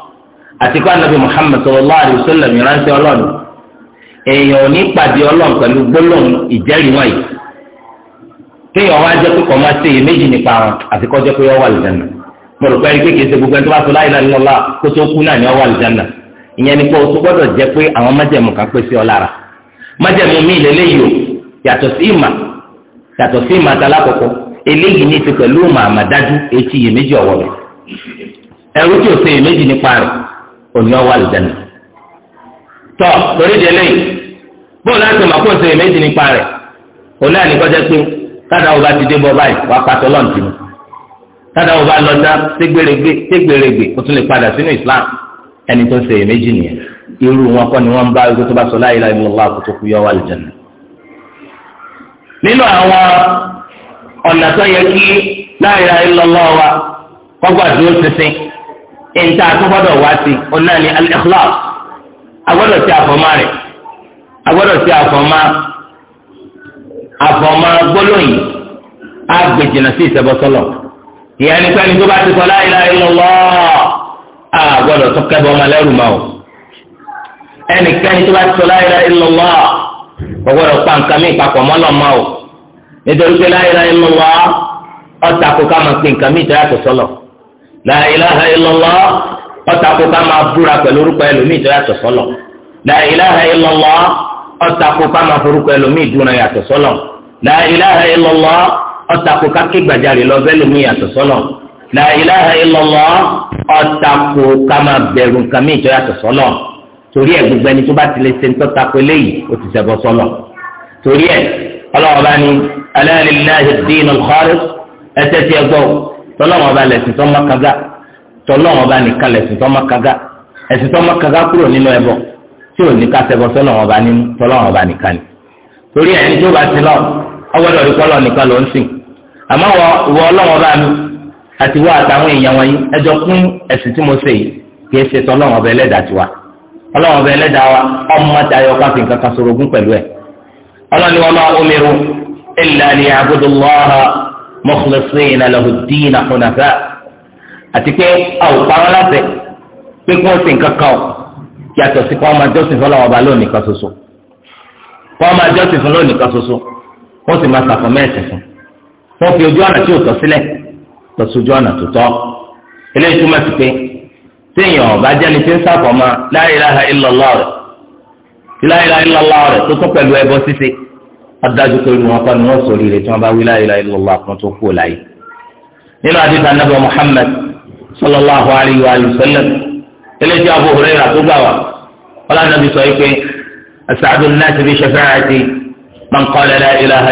أتكوى النبي محمد صلى الله عليه وسلم يرانسي الله إيوني ò ní pàdé ọlọ́run pẹ̀lú gbólóhùn ìjẹ́rìí wọ̀nyí kéèyàn wá jẹ́ pé kò máa ṣe iyèméjì mo rò pé ẹni kékeré ṣe gbogbo ẹni tó bá sọ láyé láyé lọ́la kó tó kú náà ní ọwọ́ àlùjáná ìyẹn ni pé o tó gbọ́dọ̀ jẹ́ pé àwọn májẹ̀mú kan pèsè ọ lára májẹ̀mú mi o yàtọ̀ sí ìmà yàtọ̀ sí ìmà àtàlákọ̀kọ́ eléyìí ní ti pẹ̀lú dájú etí ọ̀wọ́ rẹ̀ ẹrú tí o ṣe nípa rẹ̀ ọwọ́ àlùjáná tọ́ torí délé tádà ó bá lọ dá tégbèrègbè tégbèrègbè ó tún lè padà sínú islam ẹni tó ń ṣe èméjì nìyẹn irú wọn kọ́ ni wọ́n ń bá igbó tó bá sọ la ilaha illallah kó tó kú yọ wà lìjẹ̀nà. nínú àwọn ọ̀nà tó yẹ kí la ilaha illallah wa kọ́gbà dúró sísìn ìta tó gbọ́dọ̀ wá sí ọ̀nà ni al agbọ́dọ̀ sí àfọ̀mọ́ rẹ̀ agbọ́dọ̀ sí àfọ̀mọ́ àfọ̀mọ́ gbólóyìn á sí ìṣẹ́bọ́sọ́lọ̀ ìyá ni pẹ́ni tó bá ti sọ la ilaha illallah a gbọ́dọ̀ tó kẹ́bọ̀ ọmọ lẹ́rù mọ́ o ẹnikẹ́ni tó bá ti sọ la ilaha illallah kò gbọ́dọ̀ pa nǹkan mi papọ̀ mọ́ lọ́ mọ́ o nítorí pé la ilaha illallah ọ̀tà kó ká máa pe nǹkan mi ìtọ́yà tó sọlọ̀ la ilaha illallah ọ̀tà kó ká máa búra pẹ̀lú orúkọ ẹlòmíì ìtọ́yà tó sọlọ̀ la ilaha illallah kó ká máa forúkọ ẹlòmíì ìdúnà yàtọ̀ sọlọ̀ la ilaha ọtakò káké gbàjarè lọ bẹ́ẹ̀ lómi yàtọ̀ sọ́lọ̀ la ilaha illallah ọtakò kama bẹ̀rù nǹkan mi ìjọ yàtọ̀ sọ́lọ̀ torí ẹ̀ gbogbo ẹni tó bá tilẹ̀ ṣe ń tọ́takò eléyìí ó ti ṣẹbọ sọ́lọ̀ torí ẹ̀ ọlọ́wọ́ bá ní ala lillahi ad-dinul khalis ẹsẹ̀ tí ẹ gbọ́ tọ́lọ́wọ́ bá lẹ̀sìn tó má kaga tọ́lọ́wọ́ bá nìkan lẹ̀sìn tó má kúrò nínú ẹbọ tí ò ní ká ṣẹbọ sọ́lọ́wọ́ bá nínú tọ́lọ́wọ́ bá nìkan ni torí ẹ̀ tó bá ti lọ ọgbọ́dọ̀ rí nìkan ló ń sìn àmọ́ wọ ìwọ ọlọ́wọ́n bá mi àti àtàwọn èèyàn ẹjọ́ kún ẹ̀sìn tí mo ṣe yìí kì tiwa ọlọ́wọ́n ọba wa ọmọ dayọ káfí nǹkan kan sọ̀rọ̀ ogún pẹ̀lú ẹ̀ ọlọ́ni wọn máa omiru illa liya'budu Allaha àti pé láti pé kí wọ́n ṣe nǹkan kan yàtọ̀ sí wọ́n máa wọ́n fi ojú ọ̀nà tí ò tọ́ sílẹ̀ lọ sí ojú ọ̀nà tó tọ́ eléyìí túmọ̀ sí pé téèyàn ọ̀bá jẹ́ni tí ń sàkọ́mọ́ la ilaha illallah rẹ̀ tí la ilaha illallah rẹ̀ tó tún pẹ̀lú ẹbọ ṣíṣe adájú pé wọn kọ́ ni wọ́n sọ rírẹ̀ tí wọ́n bá wí la ilaha illallah tó kú láyé nínú àdìsá nàbẹ Muhammad sallallahu alayhi wa sallam eléyìí Abu Hurairah tó gbà wá wọn ànábi sọ yìí pé as'adun nas bi shafa'ati man qala la ilaha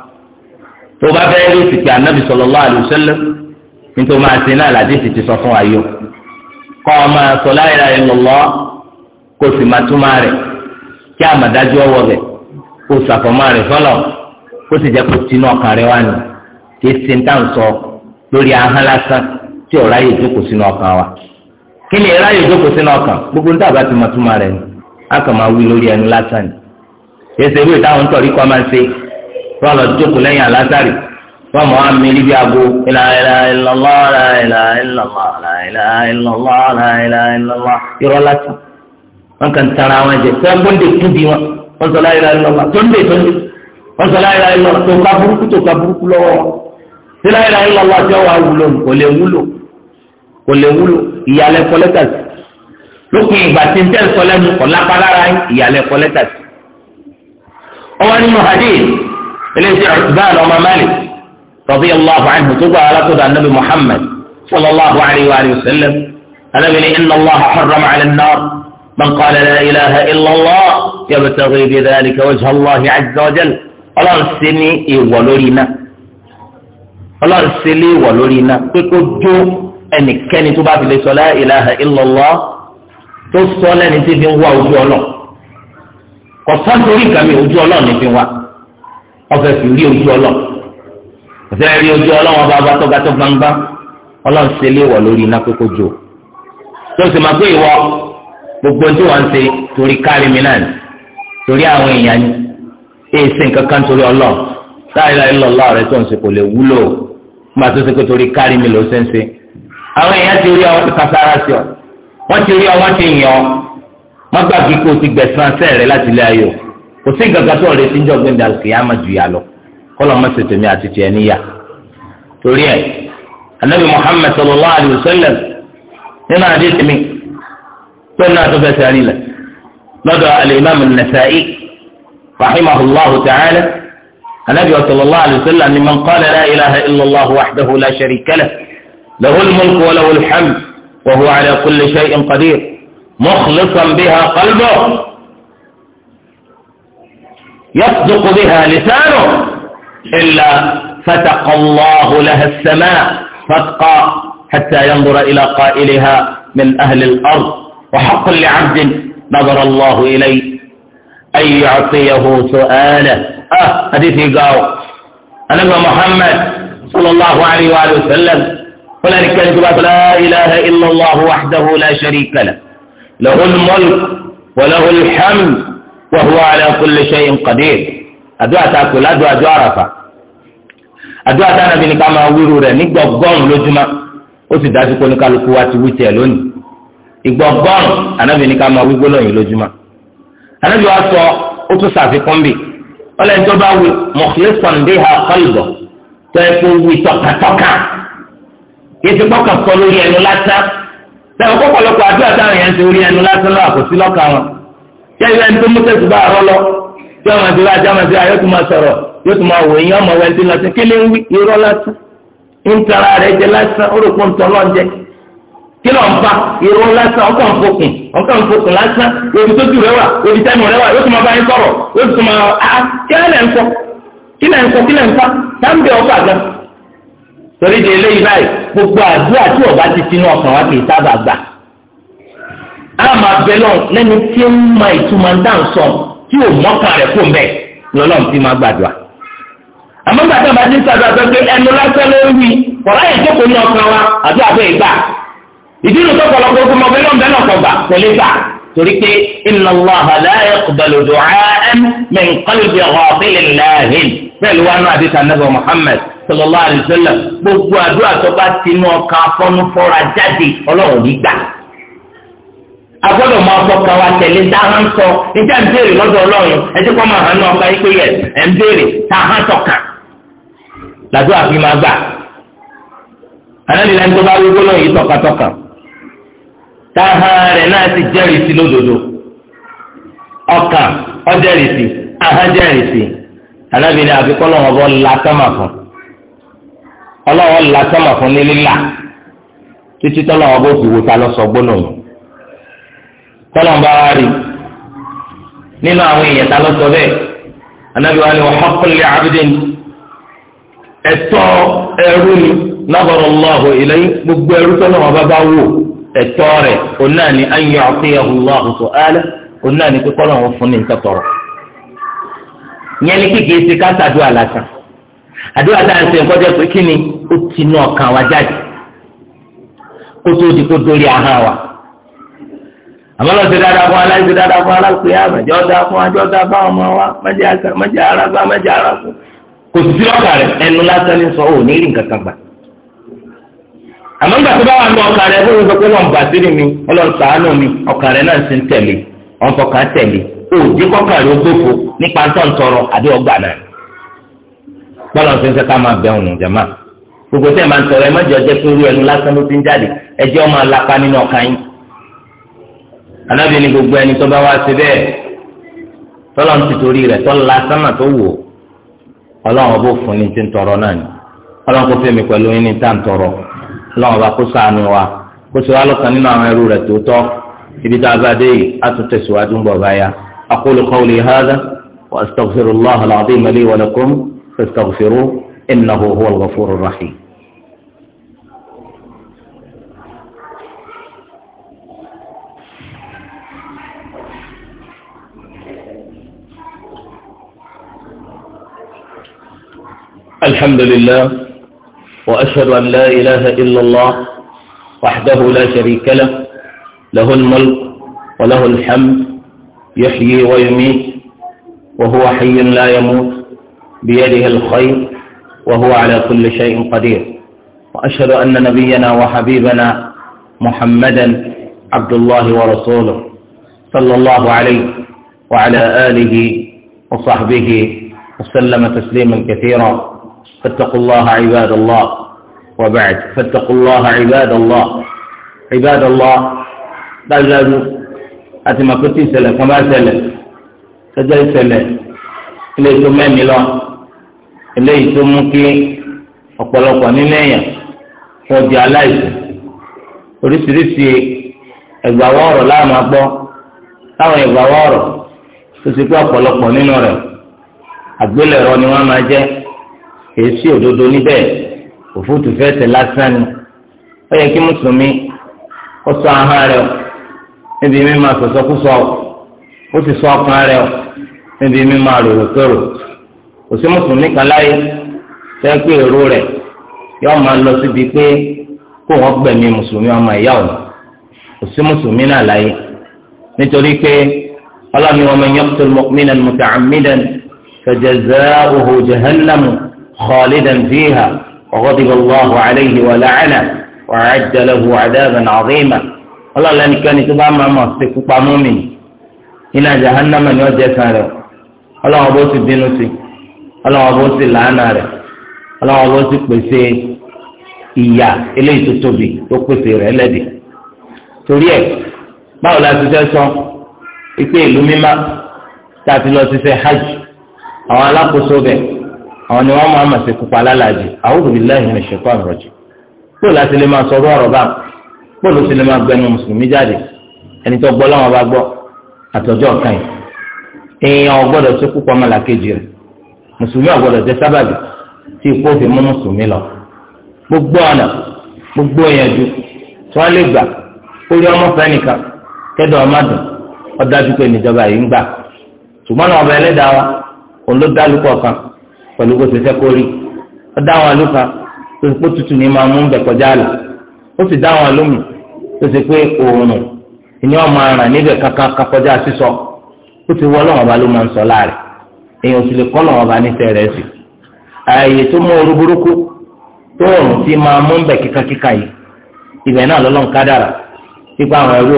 tó o bá fẹ́ rí ìsìnkú anabi sallallahu alaihi wasallam nítorí máa ṣe náà làdí ti ti sọ ọ máa sọ la ilaha kó o sì máa túmọ̀ rẹ̀ kí àmàdájú ọwọ́ rẹ̀ kó o sàfọ̀mọ́ rẹ̀ fọlọ́ kó o sì jẹ́ kó o tinú ọkàn rẹ̀ wá nù kí ṣe ń wa kí ni ẹ̀rá yìí jókòó sínú gbogbo níta bá ti máa túmọ̀ rẹ̀ a kàn máa wí lórí ẹnu lásán wọn lọ jókòó lẹ́yìn alásàrì wọn mọ àmì níbi àgbo ìlànà ìlànà ìlànà ìlànà ìlànà ìlànà irọ́ láti wọn kàn tara wọn jẹ fẹ́ gbọ́ndé tóbi wọn wọn sọ láyé láyé lọ́la tóńdé tóńdé wọn sọ láyé láyé lọ́la tó ká burúkú tó ká burúkú lọ́wọ́ wọn sí láyé láyé lọ́la tí wọn wà wúlò kò lè wúlò kò lè wúlò ìyàlẹ́ kọ́lẹ́tà sí ìgbà tí ń tẹ́ sọ lẹ́nu kọ̀ lápá lára ìyàlẹ́ kọ́lẹ́tà ọwọ́ nínú hadith eléyìí ọ̀sùnbáàlù ọmọ Malik radiyallahu anhu tó gba alákòdà anabi Muhammad sallallahu alayhi wa sallam anabi ni inna Allaha harrama ala an-nar man qala la ilaha illa Allah yabtaghi bi dhalika wajha Allahi azza wa jalla ọlọ́run ṣe ní ìwọ̀ lórí iná ọlọ́run ṣe lé ìwọ̀ lórí iná pé kó jó ẹnikẹ́ni tó bá fi lè sọ la ilaha illa Allah tó sọ lẹ́ni tí fi ń wá ojú ọlọ́ kọ̀ọ̀tàn torí ìkàmì ojú ọlọ́run ọfẹ fi rí ojú ọlọ ọfẹ rí ojú ọlọ wọn bá bá tó ga tó gbangba Ọlọ́run ṣe lé wọ lórí iná kókó jò tó sì máa pé ìwọ gbogbo tí wọn ń ṣe torí kárí mi náà ni torí àwọn èèyàn ni èyí ṣe nǹkan kan torí ọlọ láìla ìlọlọ rẹ tó ń ṣe kò lè wúlò má tó ṣe pé torí kárí mi ló ṣe ń ṣe àwọn èèyàn ti rí ọ kására sí ọ wọn ti rí ọ ti yàn ọ wọn gbàgbé kó o ti gbẹ̀sán sẹ́ẹ̀rẹ́ láti ilé ayò. kò sí gàgà tó ọ̀rẹ́ tí ń jọ gbẹ̀ndà kìyàmà jù yà lọ kọ́lọ̀ má ṣètò mi àti tiẹ̀ níyà torí ẹ̀ anabi muhammed sallallahu alayhi wa sallam nínú adé tèmi tó náà tó fẹsẹ̀ rí lẹ̀ lọ́dọ̀ alimami nasa'i rahimahullahu ta'ala anabi sallallahu alayhi wa sallam ni man qala la ilaha illallah wahdahu la sharika lah lahul mulku wa lahul hamd wa huwa ala kulli shay'in qadir mukhlisan biha qalbahu. يصدق بها لسانه إلا فتق الله لها السماء فتقى حتى ينظر إلى قائلها من أهل الأرض وحق لعبد نظر الله إليه أن يعطيه سؤاله أه حديث يقال أنا محمد صلى الله عليه وآله وسلم هنالك كلمة لا إله إلا الله وحده لا شريك له له الملك وله الحمد wa huwa ala kulli shay'in qadir àdúrà tá a pè ládùú àjọ àràfà àdúrà tá a nàbí ni ti wí tiẹ̀ lónìí ìgbọ̀gbọ́n ànábì ni ká máa wí gbólóyìn lójúmọ́ ànábì wa sọ ó tún ṣàfikún bì yẹ́yẹ́ ẹni tó mú tẹ̀sí bá àárọ̀ lọ tí ọmọ àti bá àjàmọ̀ sí ayọ́ tó máa sọ̀rọ̀ yóò tó máa wò yín ọmọ wẹ̀ ti lọ́sìn kí ló ń wí irọ́ lásán ń tara rẹ̀ jẹ lásán ó ń fa irọ́ lásán ọkọ̀ ń fokùn ọkọ̀ ń fokùn ju wà òbí tẹ́nu rẹ wà yóò tó máa bá yín sọ̀rọ̀ yóò tó máa a ah, ah, kí lẹ̀ kí kí á máa bẹ lọ lẹ́ni tí ń ma ìtumọ̀ ń dá nsọ tí ò mọ́kà rẹ̀ fún bẹ́ẹ̀ lọ́lọ́run ti máa gbàdúrà. àmọ́ gbàdúrà bá ti ń sàdúrà pé pé ẹnu lásán ló ń wí kọ̀ọ̀rọ̀ yẹn jókòó ní ọkàn wa àbí àbẹ́ ìgbà ìdí ìlú tó kọ̀ọ̀lọ́kọ̀ fún ọbẹ̀ lọ́nbẹ̀ náà kọ̀ gbà kò lè gbà torí pé inna Allaha la yaqbalu du'a'an agbọ́dọ̀ máa fọkàn wa tẹ̀lé tá a hàn sọ níta ń béèrè lọ́dọ̀ Ọlọ́run ẹtí kọ́ máa hàn ní ọgbà yìí pé yẹ ẹ̀ ń béèrè tá a hàn sọkàn làdó àfi máa gbà alálìlá ń tó bá wí gbólóhùn yìí tọkàntọkàn tá a hàn rẹ̀ náà ti jẹ́rìí sí lódodo ọkàn ọjẹ́rìí sí ahọ́n jẹ́rìí sí alábìlẹ̀ àfikún lọ́wọ́ bọ́ la sọ́mà fún ọlọ́wọ́ la sọ́mà fún ní lílà títí tọ́lọ́wọ́ bó fi wò ta lọ Kọlọm ń bá wa rí nínú àwọn èèyàn tá ló sọ bẹ́ẹ̀ ni wa haqqul abdin ẹ̀tọ́ ẹrú ni nàbọ̀rọ̀ gbogbo bá wò ẹ̀tọ́ rẹ̀ òun náà ni an yu'tiyahu allahu su'ala òun náà ni pé kọ́lọ̀ fún ní nǹkan tọ̀rọ̀ ìyẹn ni kíkì í lásán àdúrà pé ó ti jáde àmọ́ lọ́ọ́ ṣe dáadáa fún aláì ṣe dáadáa fún aláì pé àmọ́ ẹ̀jọ́ dáa fún ajọ́ dáa fún àwọn ọmọ wa mẹ́jẹ ara gbá mẹ́jẹ ara kù kò sì sí ọkà rẹ̀ ẹnu lásán ní sọ òní rí nǹkan gbà. àmọ́ nígbà tó bá wà ní ọkà rẹ̀ ó ń sọ pé wọ́n bà mi ọlọ́run ṣàánú mi ọkà rẹ̀ náà sì ń tẹ̀lé ọ̀n fọkà tẹ̀lé òjì kọ́kà rẹ̀ ó gbófo nípa tọ̀ntọ̀rọ̀ àbí ọgbà náà. bọ́lá ṣe ń sẹ́ká máa bẹ̀ ọ̀nà jẹ̀má gbogbo tẹ̀ máa ń anábì ní gbogbo ẹni tó bá wá sí bẹ́ẹ̀ tọ́lọ́ ń tìtorí rẹ̀ tọ́lá sánà tó wò ọlọ́run ọbọ̀ fún ni ti ń tọrọ náà ni ọlọ́run kò fẹ́mi pẹ̀lú yín ní tàǹtọ̀rọ̀ ọlọ́run ọba kó ṣàánú wa kó ṣe wá lọ́kàn nínú àwọn ẹrú rẹ̀ tòótọ́ ibi tá a bá dé yìí á tún tẹ̀síwájú ń bọ̀ báyà aqulu qawli hadha wa astaghfirullaha al-azim li wa lakum fastaghfiruhu innahu huwal ghafurur rahim. الحمد لله وأشهد أن لا إله إلا الله وحده لا شريك له له الملك وله الحمد يحيي ويميت وهو حي لا يموت بيده الخير وهو على كل شيء قدير وأشهد أن نبينا وحبيبنا محمدا عبد الله ورسوله صلى الله عليه وعلى آله وصحبه وسلم تسليما كثيرا فاتقوا الله عباد الله وبعد فاتقوا الله عباد الله عباد الله dájúdájú láti máa pété ìṣẹ̀lẹ̀ kan bá ṣẹlẹ̀ ṣẹjẹ ìṣẹ̀lẹ̀ eléyìí tó mẹ́mi lọ eléyìí tó mú kí ọ̀pọ̀lọpọ̀ nínú èèyàn wọ́n di aláìsàn oríṣiríṣi ẹgbàwọ́ ọ̀rọ̀ láàmú agbọ́ táwọn ẹgbàwọ́ ọ̀rọ̀ tó ti pé ọ̀pọ̀lọpọ̀ nínú rẹ̀ àgbélẹ̀rọ ni wọ́n máa jẹ́ èsì òdodo níbẹ̀ òfútu fẹsẹ̀ lásán ni ó yẹ kí mùsùlùmí ó ṣọ́ ahọ́n rẹ̀ o níbi mímọ sọ̀sọ́kúsọ ó sì ṣọ́ ọkàn rẹ̀ o níbi mímọ ròròtòrò kò sí mùsùlùmí kan láyé fẹ́ pé èrò rẹ̀ yóò máa lọ síbi pé kó wọ́n gbẹ̀mí mùsùlùmí ọmọ ìyá òun kò sí mùsùlùmí náà láyé nítorí pé ọlọ́ni wa man yaqtul mu'minan muta'ammidan fa jaza'uhu jahannamu. خالدا فيها وغضب الله عليه ولعنه وأعد له عذابا عظيما الله لأن كان تبع ما مصدق قامومي إلى جهنم من يوجه ساره الله أبوس بنوسي الله أبوس لعناره الله أبوس بسيه ìyà eléyìí tó tóbi tó pèsè rẹ̀ lẹ́dí. torí ẹ̀ báwo la ti fẹ́ sọ ipe ìlú mímá tá a àwọn ni wọ́n máa ma ṣe kópa alálàájì a'udhu billahi minash shaitanir rajim kóòlù àti lè máa sọ̀rọ̀ ọ̀rọ̀ bá kóòlù sì lè máa gbẹnu mùsùlùmí jáde ẹni tó gbọ́ láwọn bá gbọ́ àtọ́jọ́ kan yìí èèyàn ọgbọ́dọ̀ tó kópa ọmọlàkejì rẹ̀ mùsùlùmí ọgbọ́dọ̀ jẹ́ sábàbí tí ikú fi mú mùsùlùmí lọ gbogbo ọ̀nà gbogbo ìyànjú tí pẹ̀lú bó ṣe fẹ́ kó rí ó dá àwọn n'ime tó ṣe pé tútù ní máa mú ń bẹ kọjá àlà ó sì dá àwọn àlùmù tó ṣe pé òòrùn ìní ọmọ aràn níbẹ̀ sísọ ó ti wọ ọlọ́wọ́n ọba ló máa ń sọ láàrẹ̀ èèyàn sì lè kọ́ ọlọ́wọ́n ọba rẹ̀ sí ààyè tó mú orú burúkú tó òòrùn ti máa mú kíkakíka yìí ibẹ̀ náà lọ́lọ́n àwọn ẹrú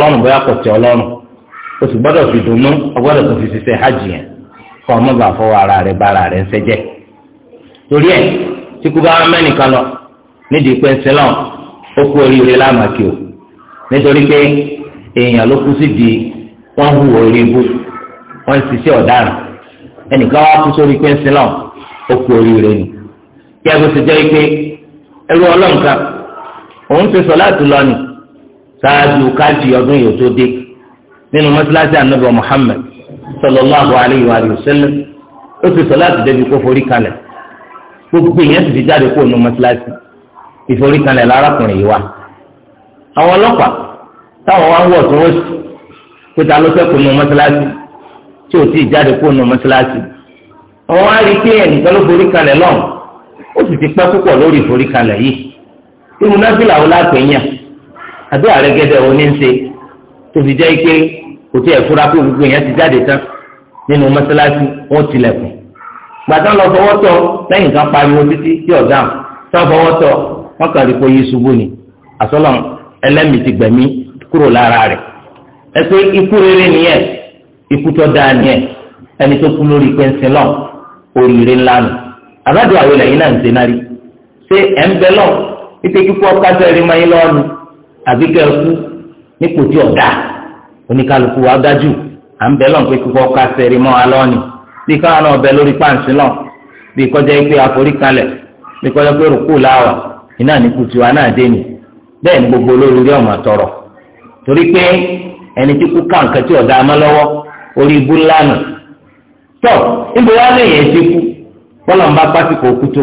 wọn máa o sì gbọ́dọ̀ fi dùnú o gbọ́dọ̀ tó fi ṣiṣẹ́ hajj yẹn kọ́ ọmọ bá fọwọ́ ara rẹ̀ bá ara rẹ̀ ń ṣẹ́jẹ́ torí ẹ̀ tí kú bá mẹ́nìkan lọ nídìí pé ń ó kú oríire lámàkì o nítorí pé èèyàn ló kú sí di wọ́n hu orí ibú wọ́n ṣiṣẹ́ ọ̀daràn ẹnìkan wá kú sórí pé ń ó kú oríire ni kí ẹ bó ṣe jẹ́ pé ẹrú ọlọ́nkan òun ti sọ láti lọ ni ṣáájú káàdì ọdún yìí ó tó dé nínú mọ́sálásí anabi muhammed sallallahu alayhi wa sallam ó ti sọ láti débi kó forí kalẹ̀ gbogbo ìyẹn ti fi jáde kó nu mọ́sálásí ìforí kalẹ̀ lárakùnrin yìí wá. àwọn ọlọ́pàá táwọn wá ń wọ̀ tó wọ́sì pé ta ló fẹ́ẹ́ kó nu mọ́sálásí tí ò tí ì jáde kó nu mọ́sálásí. àwọn wá rí i pé ẹnìkan ló forí kalẹ̀ lọ́hùn ó sì ti pẹ́ púpọ̀ lórí ìforí kalẹ̀ yìí. ìmúnáfíà wo lápẹ̀ yàn àbí àrẹ́gẹ́dẹ́ kò tí ẹ̀ fura pé gbogbo èèyàn ti jáde tán nínú mọ́sálásí wọ́n tilẹ̀kùn gbàtà lọ fọwọ́ tọ lẹ́yìn kan pariwo títí tí ọ̀gá tán fọwọ́ tọ wọ́n kàn rí pé yé ṣubú ni àsọlọ ẹlẹ́mìí ti gbẹ̀mí kúrò lára rẹ̀ ẹ pé ikú rere nìyẹn ikú tó dáa nìyẹn ẹni tó kú lórí pé ń sin lọ oríire ńlá nù àbádọ àwọn ẹlẹ́yìn náà ń ṣe náà rí ṣé ẹ̀ ń bẹ lọ ike kíkú ọkọ àti ẹ̀rí máa ń lọ́ọ́ oníkálukú wa dájú à ń bẹ lọ́n pé kíkọ́ ká sẹ́rí mọ́ alọ́ọ̀nì bí káwọn náà bẹ lórí páǹsì náà bí kọjá pé àforíkalẹ̀ bí kọjá pé rúkú láwà iná ní wa náà dé ni bẹ́ẹ̀ ni gbogbo olórí rí ọ̀mà tọrọ torí pé ẹni tí kú ká nǹkan tí ọ̀dà lọ́wọ́ orí ibú ńlá nù níbo wá bọ́lá ń bá òkúto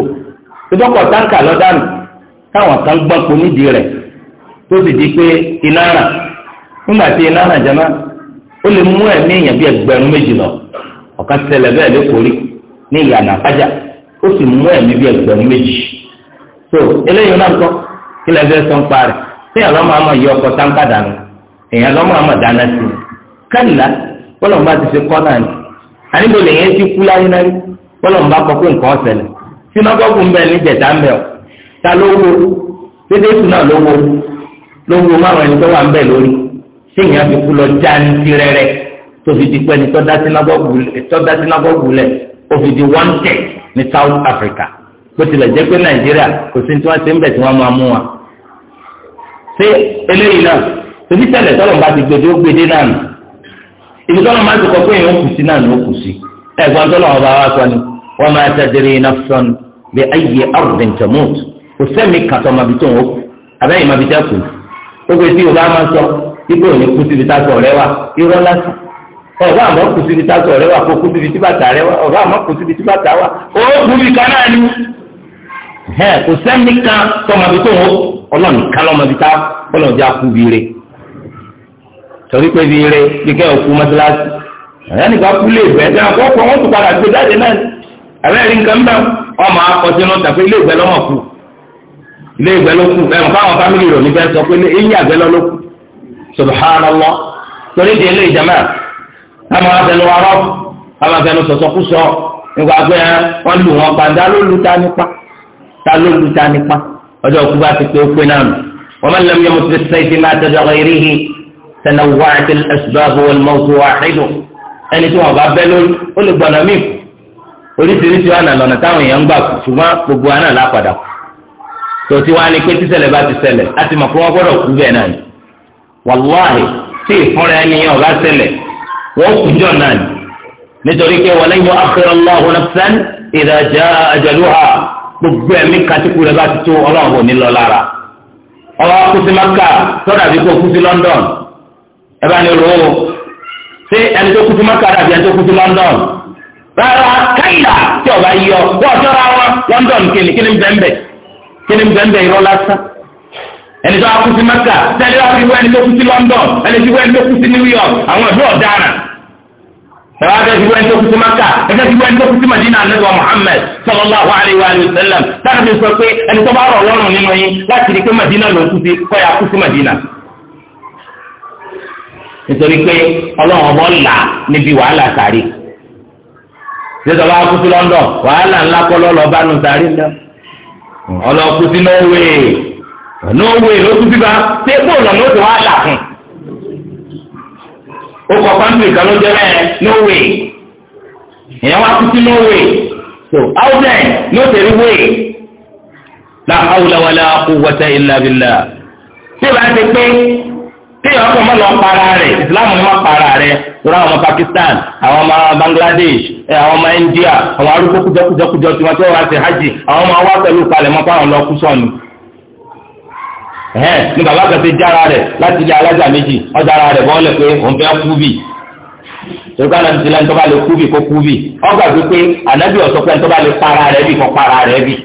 ìdọ́kọ̀ táǹkà nígbà tí iná náà jẹmọ́ ó lè mú ẹ̀mí èèyàn bíi ẹgbẹ̀rún méjì lọ ọ̀kan ṣẹlẹ̀ bẹ́ẹ̀ ló kórì ní ìyànà àpájà ó sì mú ẹ̀mí bíi ẹgbẹ̀rún méjì tó eléyìí náà kọ́ kí lè fẹ́ sọ ń parí tí èèyàn lọ́mọ yọ táǹkà dànù èèyàn lọ́mọ dáná sí i kálílá bọ́lọ̀mù ti ṣe kọ́ náà ni àníbo lè yẹn ti kú láyé náà rí kọ́ nǹkan ọ̀sẹ̀lẹ̀ téèyàn fi kú lọ já ní tirẹrẹ tó di pé ní tọ́dá sínágọ́gù lẹ̀ di one ní South Africa bó tilẹ̀ jẹ́ pé Nàìjíríà kò sí tí wọ́n ti ń bẹ̀ tí wọ́n máa mú wa. ṣé eléyìí náà tọ́lọ̀ bá ti gbèdé ó gbèdé náà nù ibi tọ́lọ̀ máa ti kọ́ pé èèyàn ó ibi òní kú síbi tásọ rẹ wà irọ́ lásán ọ̀gá àmọ́ kú síbi tásọ rẹ wà kó kú síbi tí bàtà rẹ wà ọ̀gá àmọ́ kú síbi tí bàtà ó kú kan náà ni kò sẹ́ni kan tọmọbi tó ọlọ́ọ̀nì kan lọ́mọbi tá ọlọ́ọ̀dì torí pé kíkẹ́ òkú mọ́tíláṣí kú padà gbé jáde náà ẹ̀rẹ́ rí nǹkan subhanallah torí di eléyìí jama àmọ́ afẹnu arọ àmọ́ afẹnu sọsọkúsọ nígbà pé wọn lù wọn pa ta ló lu ta nípa ta ló lu ta nípa ọjọ́ òkú bá ti pé ó pé náà nù wọn máa ń lọ yẹmu ti sẹyìn máa tẹjọ ẹrí hi sẹnà wáá ti ẹsùbáàbò wọn mọ oṣù wàhídù ẹni tí wọn bá bẹ lórí ó lè gbọnà mí oríṣiríṣi ọ̀nà lọ́nà táwọn èèyàn ń gbà kù ṣùgbọ́n gbogbo àná làpàdà kù tòtí wá ní pé tíṣẹ̀lẹ̀ bá ti ṣẹlẹ̀ mọ̀ pé wọ́n gbọ́dọ̀ kú bẹ́ẹ̀ náà ni wàláhì tí ìfúnra ẹni yẹn ọba ṣẹlẹ̀ wọ́n kú jọ náà ni nítorí pé wọlé yọ akérò lọ́hùn nafsan ìdájà ajaluha gbogbo ẹ̀mí katikù rẹ̀ bá ti tó ọlọ́run òní lọ lára ọba kú sí maka sọ́dà bí kò kú sí London ẹ bá ní ro o ṣé ẹni tó kú sí maka dàbí ẹni tó kú sí London rárá káyìlá tí ọba yọ wọ́n ọjọ́ wọn London kìnnìkìnnì bẹ́ẹ̀ bẹ́ẹ̀ kìnnìkìnnì bẹ́ẹ̀ bẹ́ẹ̀ irọ́ lásán. ẹni tó maka, sí Mẹ́kà sẹ́ni wá fi wọ ẹni tó kú sí London ẹni tó wọ ẹni tó kú sí New York àwọn ìlú ọ̀daràn ẹwà bẹ́ẹ̀ ti wọ ẹni tó kú sí wọ ẹni tó kú sí Madina alayhi wa sallam táwọn sọ pé ẹni tó bá rọ̀ lọ́rùn nínú yín láti rí pé ya kú sí Madina nítorí pé ọlọ́run níbi wàhálà sàrí bá n'owó èlò n'otu bíbá ṣé kó lọ ló ti wá là fún ó kọ pàǹtì kan ló jẹ bẹ́ẹ̀ n'owó èèyàn wá kú sí n'owó so outside ní tẹ̀lé wé la hawla wala quwwata illa billah ṣé bá ti pé kò lọ para ni Pakistan àwọn Bangladesh eh, àwọn India àwọn arúgbó kújọkújọkújọ tí wọ́n ti wá ṣe hajj àwọn ọmọ wa pẹ̀lú palẹ̀mọ́ fáwọn ẹhẹn ní bàbá kan ti jára lati láti ilé alájà méjì wọn jára rẹ bọ́ọ̀lẹ̀ pé òun fẹ́ kú bì tòkà náà ti lẹ́nu tó bá lè kú bì kó kú bì ọgbà tó pé ànábì pé lè para rẹ bì kó para rẹ bì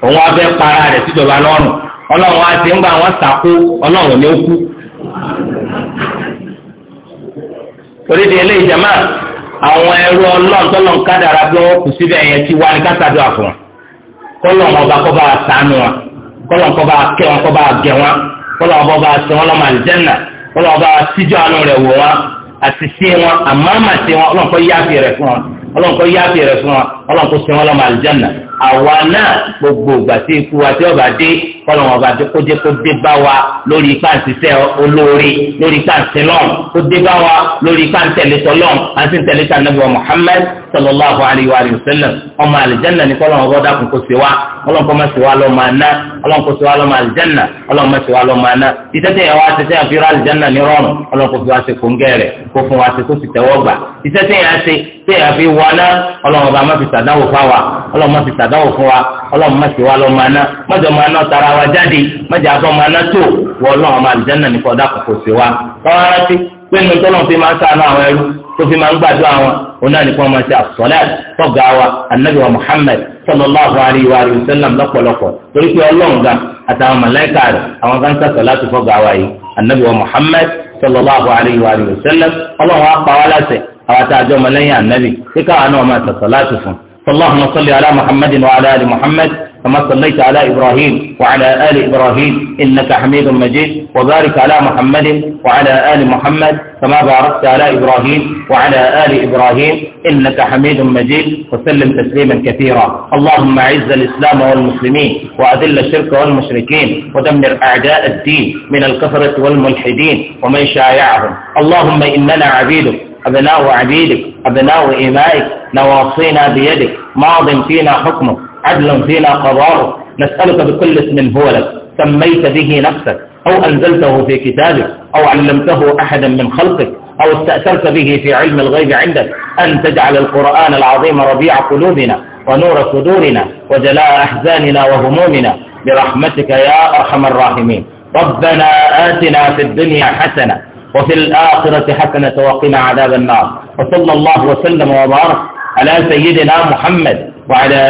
òun á fẹ́ para rẹ síjọba lọ́rùn ọlọ́run á ti ń gba àwọn sàkó ọlọ́run ní kọ́lọ̀ kọ́ bá kẹ́ wọn kọ́ bá gẹ̀ wọn kọ́lọ̀ ọba bá sẹ wọn lọ́mọ àlìjẹ́nà kọ́lọ̀ ọba síjọ́ àánú rẹ̀ wò wọn àti sí wọn àmọ́ àmà sí wọn ọlọ́nkọ́ yáàfì rẹ̀ fún wọn ọlọ́nkọ́ yáàfì rẹ̀ fún wọn ọlọ́nkọ́ sẹ wọn lọ́mọ àlìjẹ́nà àwa náà gbogbo ìgbà ikú wa tí ọba dé kọ́lọ̀ wọn bá dé kó dé kó dé bá wa lórí pàǹtísẹ́ olóore lórí pàǹtísẹ́ lọ́n kó dé bá wa lórí pàǹtẹ̀lẹ́tọ̀ lọ́n àti Muhammad sallallahu alayhi wa sallam ọmọ alìjẹ́nà ní kọ́ lọ́wọ́ bọ́dá kún kó ṣe wá ọlọ́nkọ́ má ṣe wá lọ́ máa ná ọlọ́nkọ́ ṣe wá lọ́ máa alìjẹ́nà ọlọ́nkọ́ má ṣe wá lọ́ máa ná ìtẹ́tẹ́ yẹn wá tẹ́tẹ́ àfihàn alìjẹ́nà ní rọrùn ọlọ́nkọ́ fi wá ṣe kó ń gẹ̀rẹ̀ kó fún wa ṣe kó sì tẹ́wọ́ gbà ìtẹ́tẹ́ yẹn á ṣe tẹ́ àfi wọná ọlọ́run ọba má fi sàdánwò fún wa ọlọ́run má fi sàdánwò fún wa ọlọ́run má sì wá lọ́ máa ná mọ́jọ máa tara wa jáde mọ́jọ àbọ̀ máa ná tó wọ ọlọ́run ọba àlùjáná nìkan tó fi máa ń gbàdúrà wọn òun náà nìkan máa ṣe àsọlẹ tọgà wa anabi wa muhammed sallallahu alayhi wa sallam lọ́pọ̀lọpọ̀ torí pé Ọlọ́run gan àtàwọn màláíkà rẹ̀ àwọn kan sàṣọ láti fọgà wa yìí anabi wa muhammed sallallahu alayhi wa sallam Ọlọ́run apá wa láṣẹ àwọn àtàjọ mọlẹyìn anabi kíkà àwọn náà máa ṣàṣọ láti fún sallallahu alayhi wa sallam muhammed wa alayhi muhammed. كما صليت على إبراهيم وعلى آل إبراهيم إنك حميد مجيد وبارك على محمد وعلى آل محمد كما باركت على إبراهيم وعلى آل إبراهيم إنك حميد مجيد وسلم تسليما كثيرا اللهم أعز الإسلام والمسلمين وأذل الشرك والمشركين ودمر أعداء الدين من الكفرة والملحدين ومن شايعهم اللهم إننا عبيدك أبناء عبيدك أبناء إمائك نواصينا بيدك ماض فينا حكمك عدلا فينا قضاؤك نسألك بكل اسم هو لك سميت به نفسك أو أنزلته في كتابك أو علمته أحدا من خلقك أو استأثرت به في علم الغيب عندك أن تجعل القرآن العظيم ربيع قلوبنا ونور صدورنا وجلاء أحزاننا وهمومنا برحمتك يا أرحم الراحمين ربنا آتنا في الدنيا حسنة وفي الآخرة حسنة وقنا عذاب النار وصلى الله وسلم وبارك على سيدنا محمد وعلى